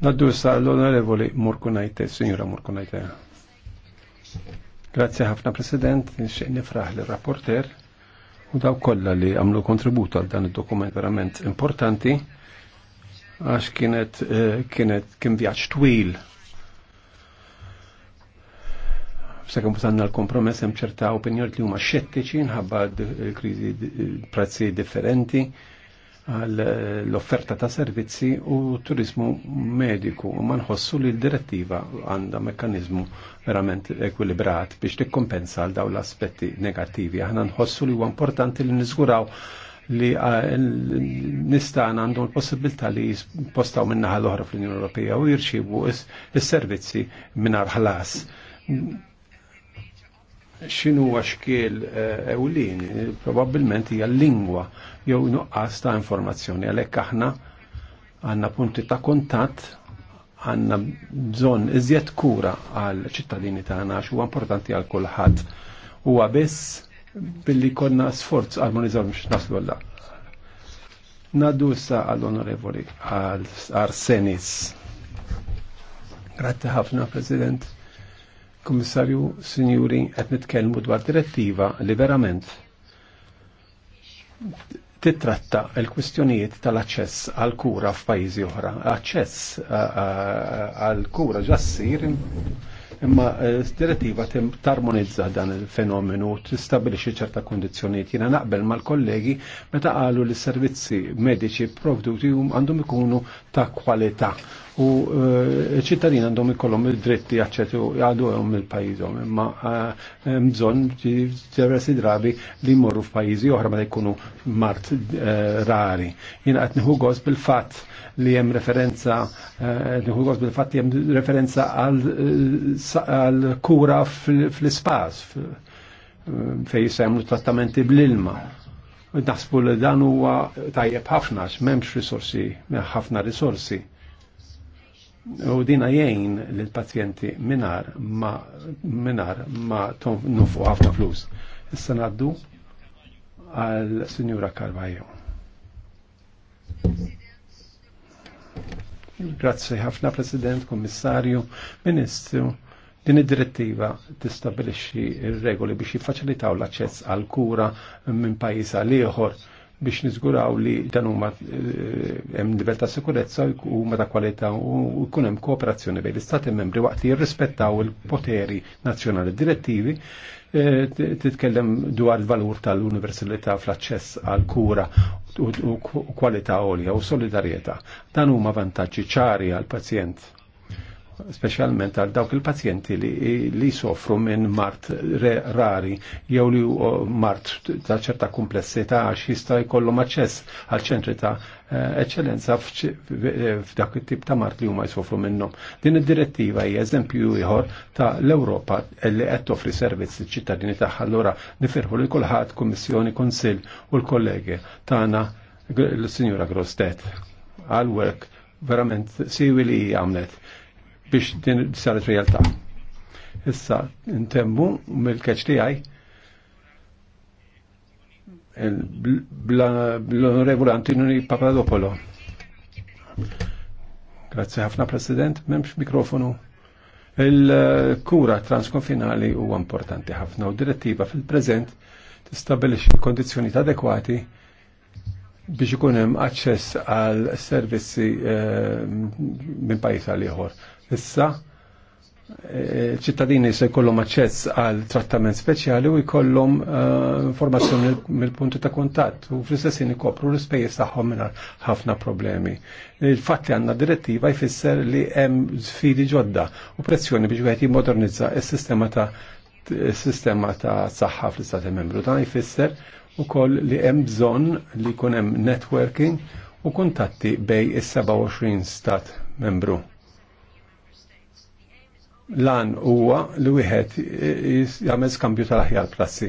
Naddu sa l-onorevoli Morku najte, signora Morku Grazie ħafna President, nixtieq nifraħ l-rapporter u daw kollha li għamlu kontribut għal dan id-dokument verament importanti għax kienet eh, kienet kien vjaġġ twil. Sakemm wasalna l-kompromess hemm ċerta opinjoni li huma xettiċi nħabba eh, kriżi eh, prezzi differenti l-offerta ta' servizzi u turizmu mediku u manħossu li l-direttiva għanda mekanizmu verament ekwilibrat biex tikkompensa għal daw l-aspetti negativi. Aħna nħossu li huwa importanti li nizguraw li nista'na għandhom l-possibilità li jispostaw minna ħal-oħra fl-Unjoni Ewropea u jirċivu s-servizzi minn ħlas xinu għaxkiel eh, ewlin, probabilment hija lingwa jew nuqqas ta' informazzjoni, għalhekk aħna għandna punti ta' kuntatt għandna bżonn iżjed kura għal ċittadini tagħna għax huwa importanti għal kulħadd. Huwa biss billi konna sforz armonizzaw biex naslu għalla. Naddu issa għall-onorevoli għal Arsenis. Grazie ħafna, President. Komissarju, Sinjuri, qed nitkellmu dwar direttiva li verament titratta l-kwistjonijiet tal-aċċess għal kura f'pajjiżi oħra. Aċċess għal kura ġassir imma eh, direttiva tarmonizza dan il-fenomenu tistabilixi ċerta kondizjoniet. Jiena naqbel mal-kollegi meta qalu li servizzi mediċi provduti għandhom ikunu ta' kwalità u eh, ċittadin għandhom ikollhom id-dritti jaċċettu jaċċetu għom il-pajjiżhom, imma eh, bżonn ġeversi drabi li jmorru f'pajjiżi oħra ma jkunu mart eh, rari. Jiena qed nieħu gost bil-fatt li hemm referenza nieħu gost bil-fatt li hemm referenza għal kura fl-ispaż fej jisemlu trattamenti bl-ilma. Naħsbu li dan huwa tajjeb ħafna, m'hemmx risorsi, ħafna risorsi U dina jgħin l-pazjenti minar ma minar ma nufu ħafna flus. Issa naddu għal Sinjura Carvajo. Grazzi ħafna President, Kommissarju, Ministru. Din id-direttiva tistabilixxi regoli biex jiffaċilitaw l-aċċess għal kura minn pajjiż għal ieħor biex nizguraw li dan huma eh, hemm livell ta' sikurezza u ma ta' kwalità u jkun hemm kooperazzjoni bejn l-istati membri waqt li jirrispettaw il-poteri nazzjonali direttivi eh, titkellem dwar il-valur tal-universalità fl-aċċess għal kura u kwalità għolja u solidarjetà. Dan huma vantaġġi ċari għal pazjent specialment għal dawk il-pazjenti li, li soffru minn mart rari jew li uh, mart ta' ċerta komplessità għax jista' jkollhom aċċess għal ċentri ta' eċċellenza eh, eh, f'dak it-tip ta' mart li huma jsofru minnhom. Din id-direttiva hija eżempju ieħor ta' l-Ewropa li qed toffri servizz iċ ċittadini tagħha allura nifirħu li kulħadd Kummissjoni, Kunsill u l-kollegi tagħna l-Sinjura Grostet għal-work verament siwi li għamlet biex din saret realtà. Issa, intemmu mill-keċ li għaj, bl-onorevole Antinoni Papadopolo. Grazie ħafna, President. Memx mikrofonu. Il-kura transkonfinali huwa importanti ħafna u direttiva fil-prezent tistabilix il-kondizjoni adekwati biex ikun hemm aċċess għal servizzi eh, minn pajjiż għal ieħor. Issa, e, ċittadini se jkollhom aċċess għal trattament speċjali u jkollhom e, informazzjoni mill-punti ta' kuntatt u fl istessin ikopru l-ispejjeż tagħhom mingħajr ħafna problemi. Il-fatt li għandna direttiva jfisser li hemm sfidi ġodda u pressjoni biex wieħed jimmodernizza s-sistema ta' sistema ta' saħħa fl-istati membru. Dan jfisser ukoll li hemm bżonn li jkun hemm networking u kuntatti bej is-27 stat membru lan huwa li wieħed jagħmel skambju tal-aħjar prassi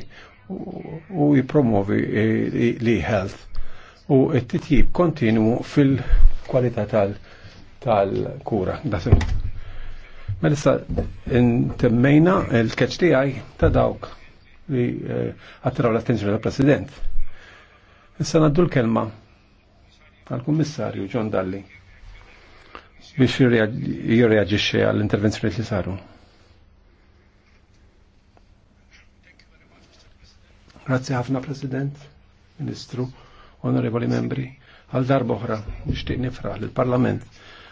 u jipromovi li health u t-titjib kontinu fil-kwalità tal-kura. Melissa, intemmejna il-catch tiegħi ta' dawk li għattiraw eh, l-attenzjoni tal-President. Issa naddu l-kelma għal-Kummissarju John Dalli biex jirreagġiċi għall-intervenzjoni li saru. Grazzi ħafna President, Ministru, Onorevoli Membri, għal darba oħra nixtieq nifraħ lill-Parlament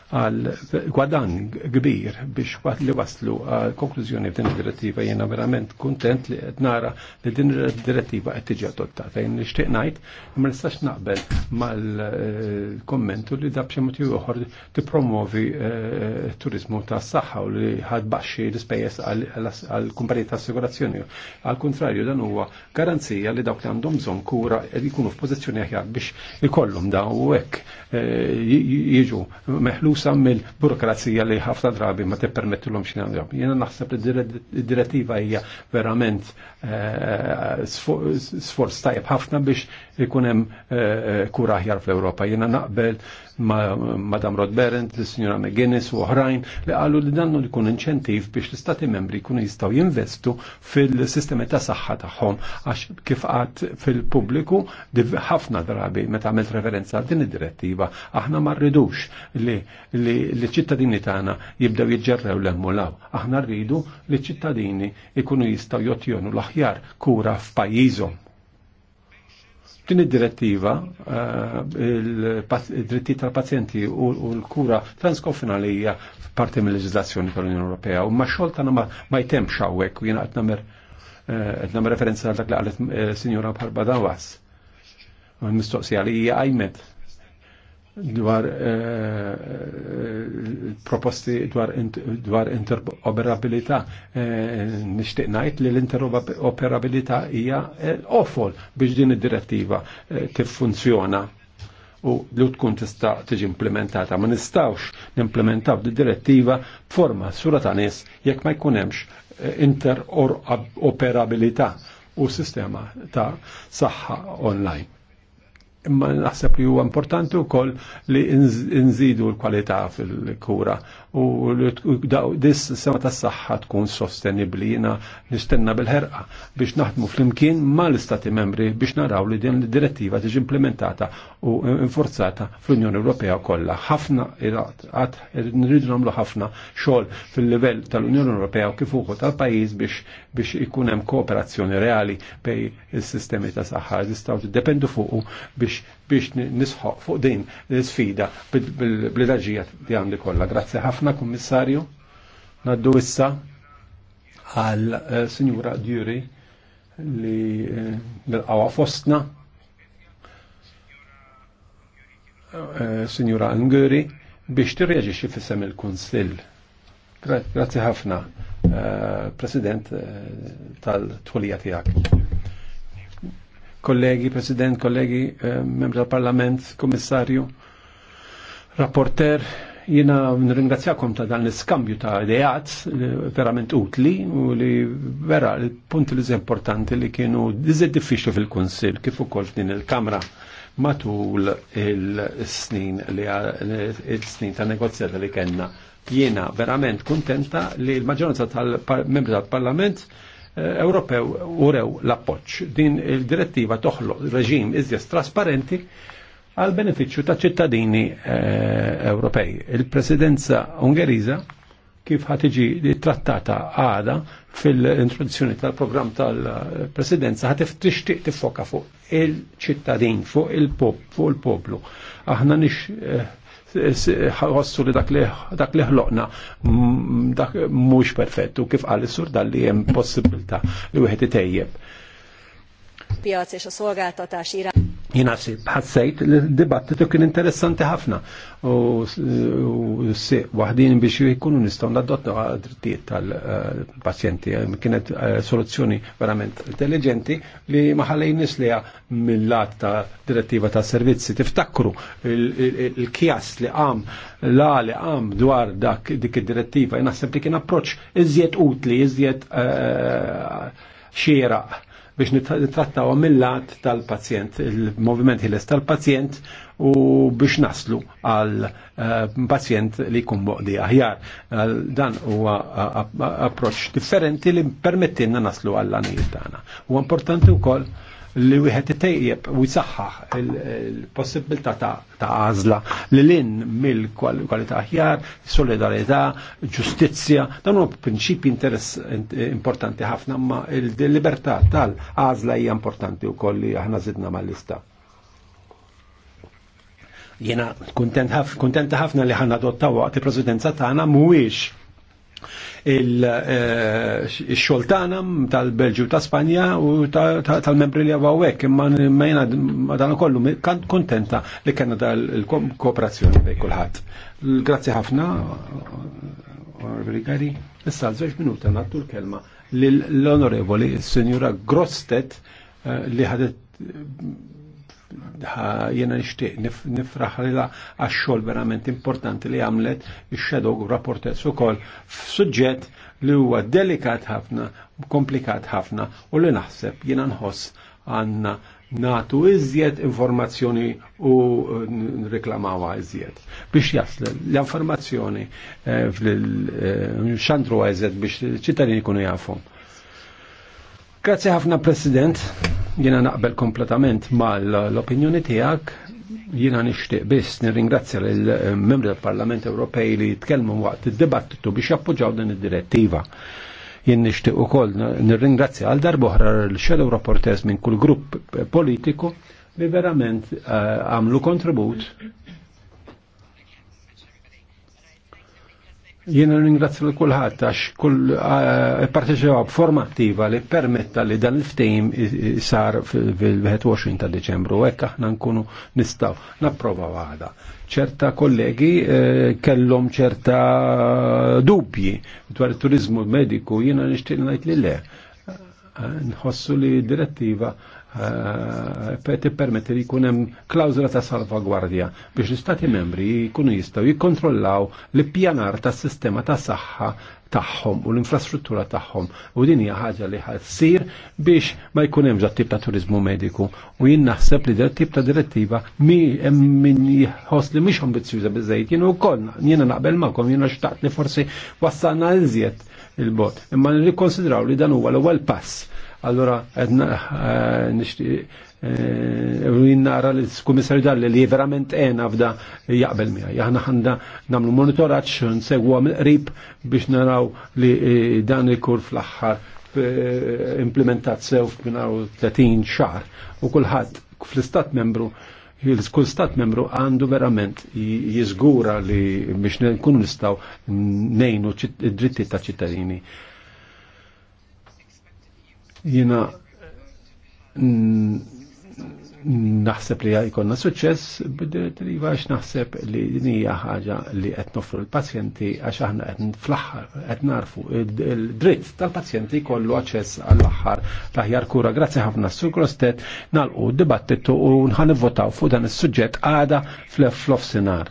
għal gwadan kbir biex li waslu għal konklużjoni f'din id-direttiva jiena verament kuntent li qed nara li din id-direttiva qed tiġi adottata. Jien nixtieq ngħid ma nistax naqbel mal-kommentu li da b'xi motiv oħor tippromovi eh, turizmu tas saħħa u li ħad baxxi l-ispejjeż għal kumpaniji ta' assigurazzjoni. Al kontrarju dan huwa garanzija li dawk li għandhom bżonn kura jkunu f'pożizzjoni aħjar biex ikollhom da u hekk eh, jiġu meħlu meħlusa mill-burokrazija li ħafna drabi ma tippermettulhom x'għandhom. Jiena naħseb li d-direttiva hija verament eh, sforz tajjeb ħafna biex ikun hemm eh, eh, kuraħjar fl-Ewropa. Jiena naqbel Madam Rod Berend, signora McGuinness u oħrajn li qalu li dannu li kun inċentiv biex l-Istati membri kunu jistaw jinvestu fil-sistemi ta' saħħa tagħhom għax kif qatt fil-pubbliku ħafna drabi meta għamilt referenza għal din id-direttiva aħna ma rridux li l-ċittadini tagħna jibdew jiġġerrew l-emmulaw. Aħna rridu li ċittadini jkunu jistgħu jottjonu l-aħjar kura f'pajjiżhom Din id-direttiva, eh, il-dritti tal-pazjenti u l-kura transkofinali hija parti mill-leġislazzjoni tal-Unjoni Ewropea u ma xogħol tagħna ma jtemx xawek u jiena eh, qed nagħmel referenza għal dak li qalet eh, Signora Barbadawas. Mistoqsija li hija għajmet dwar eh, eh, proposti dwar interoperabilità. Eh, nishtiq ngħid li l-interoperabilità hija l-ofol biex din id-direttiva tiffunzjona u li tkun tista' tiġi implementata. Ma nistawx nimplementaw di direttiva b'forma sura ta' nis jekk ma jkun hemmx interoperabilità u sistema ta' saħħa online imma naħseb li huwa importanti wkoll li nżidu l-kwalità fil-kura u dis sema tas-saħħa tkun sostenibbli jiena nistenna bil-ħerqa biex naħdmu flimkien mal-istati membri biex naraw li din id-direttiva tiġi implementata u infurzata fl-Unjoni Ewropea kollha. Ħafna qatt nridu nagħmlu ħafna xogħol fil-livell tal-Unjoni Ewropea u kif ukoll tal-pajjiż biex biex ikun hemm kooperazzjoni reali bej is-sistemi ta' saħħa jistgħu tiddependu fuqu. biex biex nisħoq fuq din l-sfida bil raġija di għandi kollha. Grazzi ħafna, Kummissarju. Naddu issa għal eh, Sinjura Djuri li bil eh, għawa fostna. Eh, Signora Nguri biex tirreġixxi fis-sem il-Kunsill. Grazzi ħafna, President tal-twilija tiegħek kollegi, president, kollegi, eh, membri tal-parlament, kommissarju, rapporter, jina nringrazzjakom ta' dan l-skambju ta' idejat eh, verament utli u li vera l-punti li importanti li kienu dizzed diffiċli fil-Konsil kif ukoll din il-Kamra matul il-snin li il-snin ta' negozjata li kena jiena verament kontenta li l-maġġoranza tal-membri tal-Parlament tal parlament Eh, Ewropew urew l-appoċ. Din il-direttiva toħloq reġim iżjas trasparenti għal beneficju ta' ċittadini eh, Ewropej. Il-presidenza Ungeriża kif ħatiġi trattata għada fil-introduzzjoni tal-programm tal-presidenza ħatif tixtieq tiffoka fuq il-ċittadin, fuq il-poplu. Aħna nix eh, ħossu li dak li ħloqna dak mux perfettu kif qal sur dal li jem possibilta li wieħed itejjeb. Piac és a ta' xira jina ħassejt li dibattitu kien interessanti ħafna u si waħdin biex jkunu nistgħu nadotta drittijiet tal-pazjenti. Kienet eh, soluzzjoni verament intelligenti li ma ħalejnis liha mill-lat ta' direttiva ta' servizzi. Tiftakru il-kjas li għam la li għam dwar dak dik id-direttiva jnaħseb li kien approċċ iżjed utli, iżjed eh, xieraq biex nittrattaw mill-lat tal-pazjent, il-moviment ħiles tal-pazjent u biex naslu għal eh, pazjent li jkun di aħjar. Dan huwa approċċ differenti li permettinna naslu għall-għanijiet tagħna. U importanti wkoll li wieħed itejjeb u jsaħħaħ il-possibilità ta' għażla li lin mill-kwalità aħjar, solidarità, ġustizzja, dan huwa prinċipji interess importanti ħafna, ma il-libertà tal-għażla hija importanti wkoll li aħna żidna mal-lista. Jena kuntenta ħafna li ħanna adottaw waqt il-presidenza tagħna mhuwiex il-xoltana eh, tal-Belġu ta' Spanja u tal-membri li għawek, imma jena dan kollu kontenta li kena dal-kooperazzjoni bej kulħadd. Grazzi ħafna, Gari. Issa l-żewġ minuta nattu l-kelma l-onorevoli, il-Senjura Grostet, eh, li ħadet jena nishtiq nifraħrila għax-xogħol verament importanti li għamlet ix-shadow rapportess ukoll f'suġġett li huwa delikat ħafna, komplikat ħafna u li naħseb jiena nħoss għandna natu iżjed informazzjoni u eh, reklamawa iżjed biex jasl, l-informazzjoni xandru eh, eh, għazet biex ċittadini kunu jafum. Grazie ħafna President, jiena naqbel kompletament mal-opinjoni tiegħek jiena nixtieq biss nirringrazzja lill eh, membri tal-Parlament Ewropej li tkellmu waqt id-dibattitu biex jappoġġaw din id-direttiva. Jien nixtieq ukoll nirringrazzja għal darbohra l-Shadow Rapportes minn kull grupp eh, politiku li verament eh, għamlu kontribut Jiena ringrazzja l kulħadd għax kull parteċewa b'forma attiva li permetta li dan il-ftehim sar fil-21 ta' Deċembru hekk aħna nkunu nistgħu napprova għada. Ċerta kollegi e, kellhom ċerta dubji dwar it-turizmu mediku jiena nixtieq ngħid li le. Nħossu li direttiva Eh, permette li kunem hemm ta' salvagwardja biex l-istati membri kunu jistgħu jikkontrollaw l pjanar tas-sistema ta' saħħa tagħhom u l-infrastruttura tagħhom u din hija ħaġa li ħassir biex ma jkun hemm tip ta' turizmu mediku u jien naħseb li dal tip ta' direttiva mi hemm min jħoss li mhix ambizzjuża biżejjed jien ukoll jiena naqbel magħkom jiena xtaqt li forsi wassalna iżjed il-bot imma konsidraw li dan huwa l-ewwel pass Allora, Ewlin eh, eh, nara l-Kummissarju Dalli li verament għen għafda jaqbel mija. Aħna għanda namlu monitoraċ, nsegwa mill-qrib biex naraw li eh, dan il-kur fl-aħħar implementat sew f'minaru 30 xahar u kulħadd fl-istat membru kull stat membru għandu verament jiżgura li biex nkunu nistgħu nejnu id-dritti ta' ċittadini Jina naħseb li jkollna suċċess bid li għax naħseb li din hija ħaġa li qed nofru l-pazjenti għax aħna qed fl-aħħar qed narfu il-dritt tal-pazjenti kollu aċċess għall-aħħar l-aħjar kura. Grazzi ħafna sur sukrostet nalqu d-dibattitu u nħan votaw fuq dan is-suġġett għada fl-offsinar.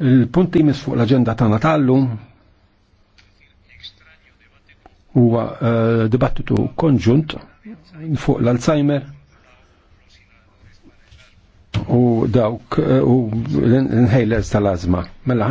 Il-punti mis fuq l-aġenda tagħna tal-lum huwa eh, dibattitu konġunt fuq l-Alzheimer u dawk eh, u l inħejles tal-azma. Mela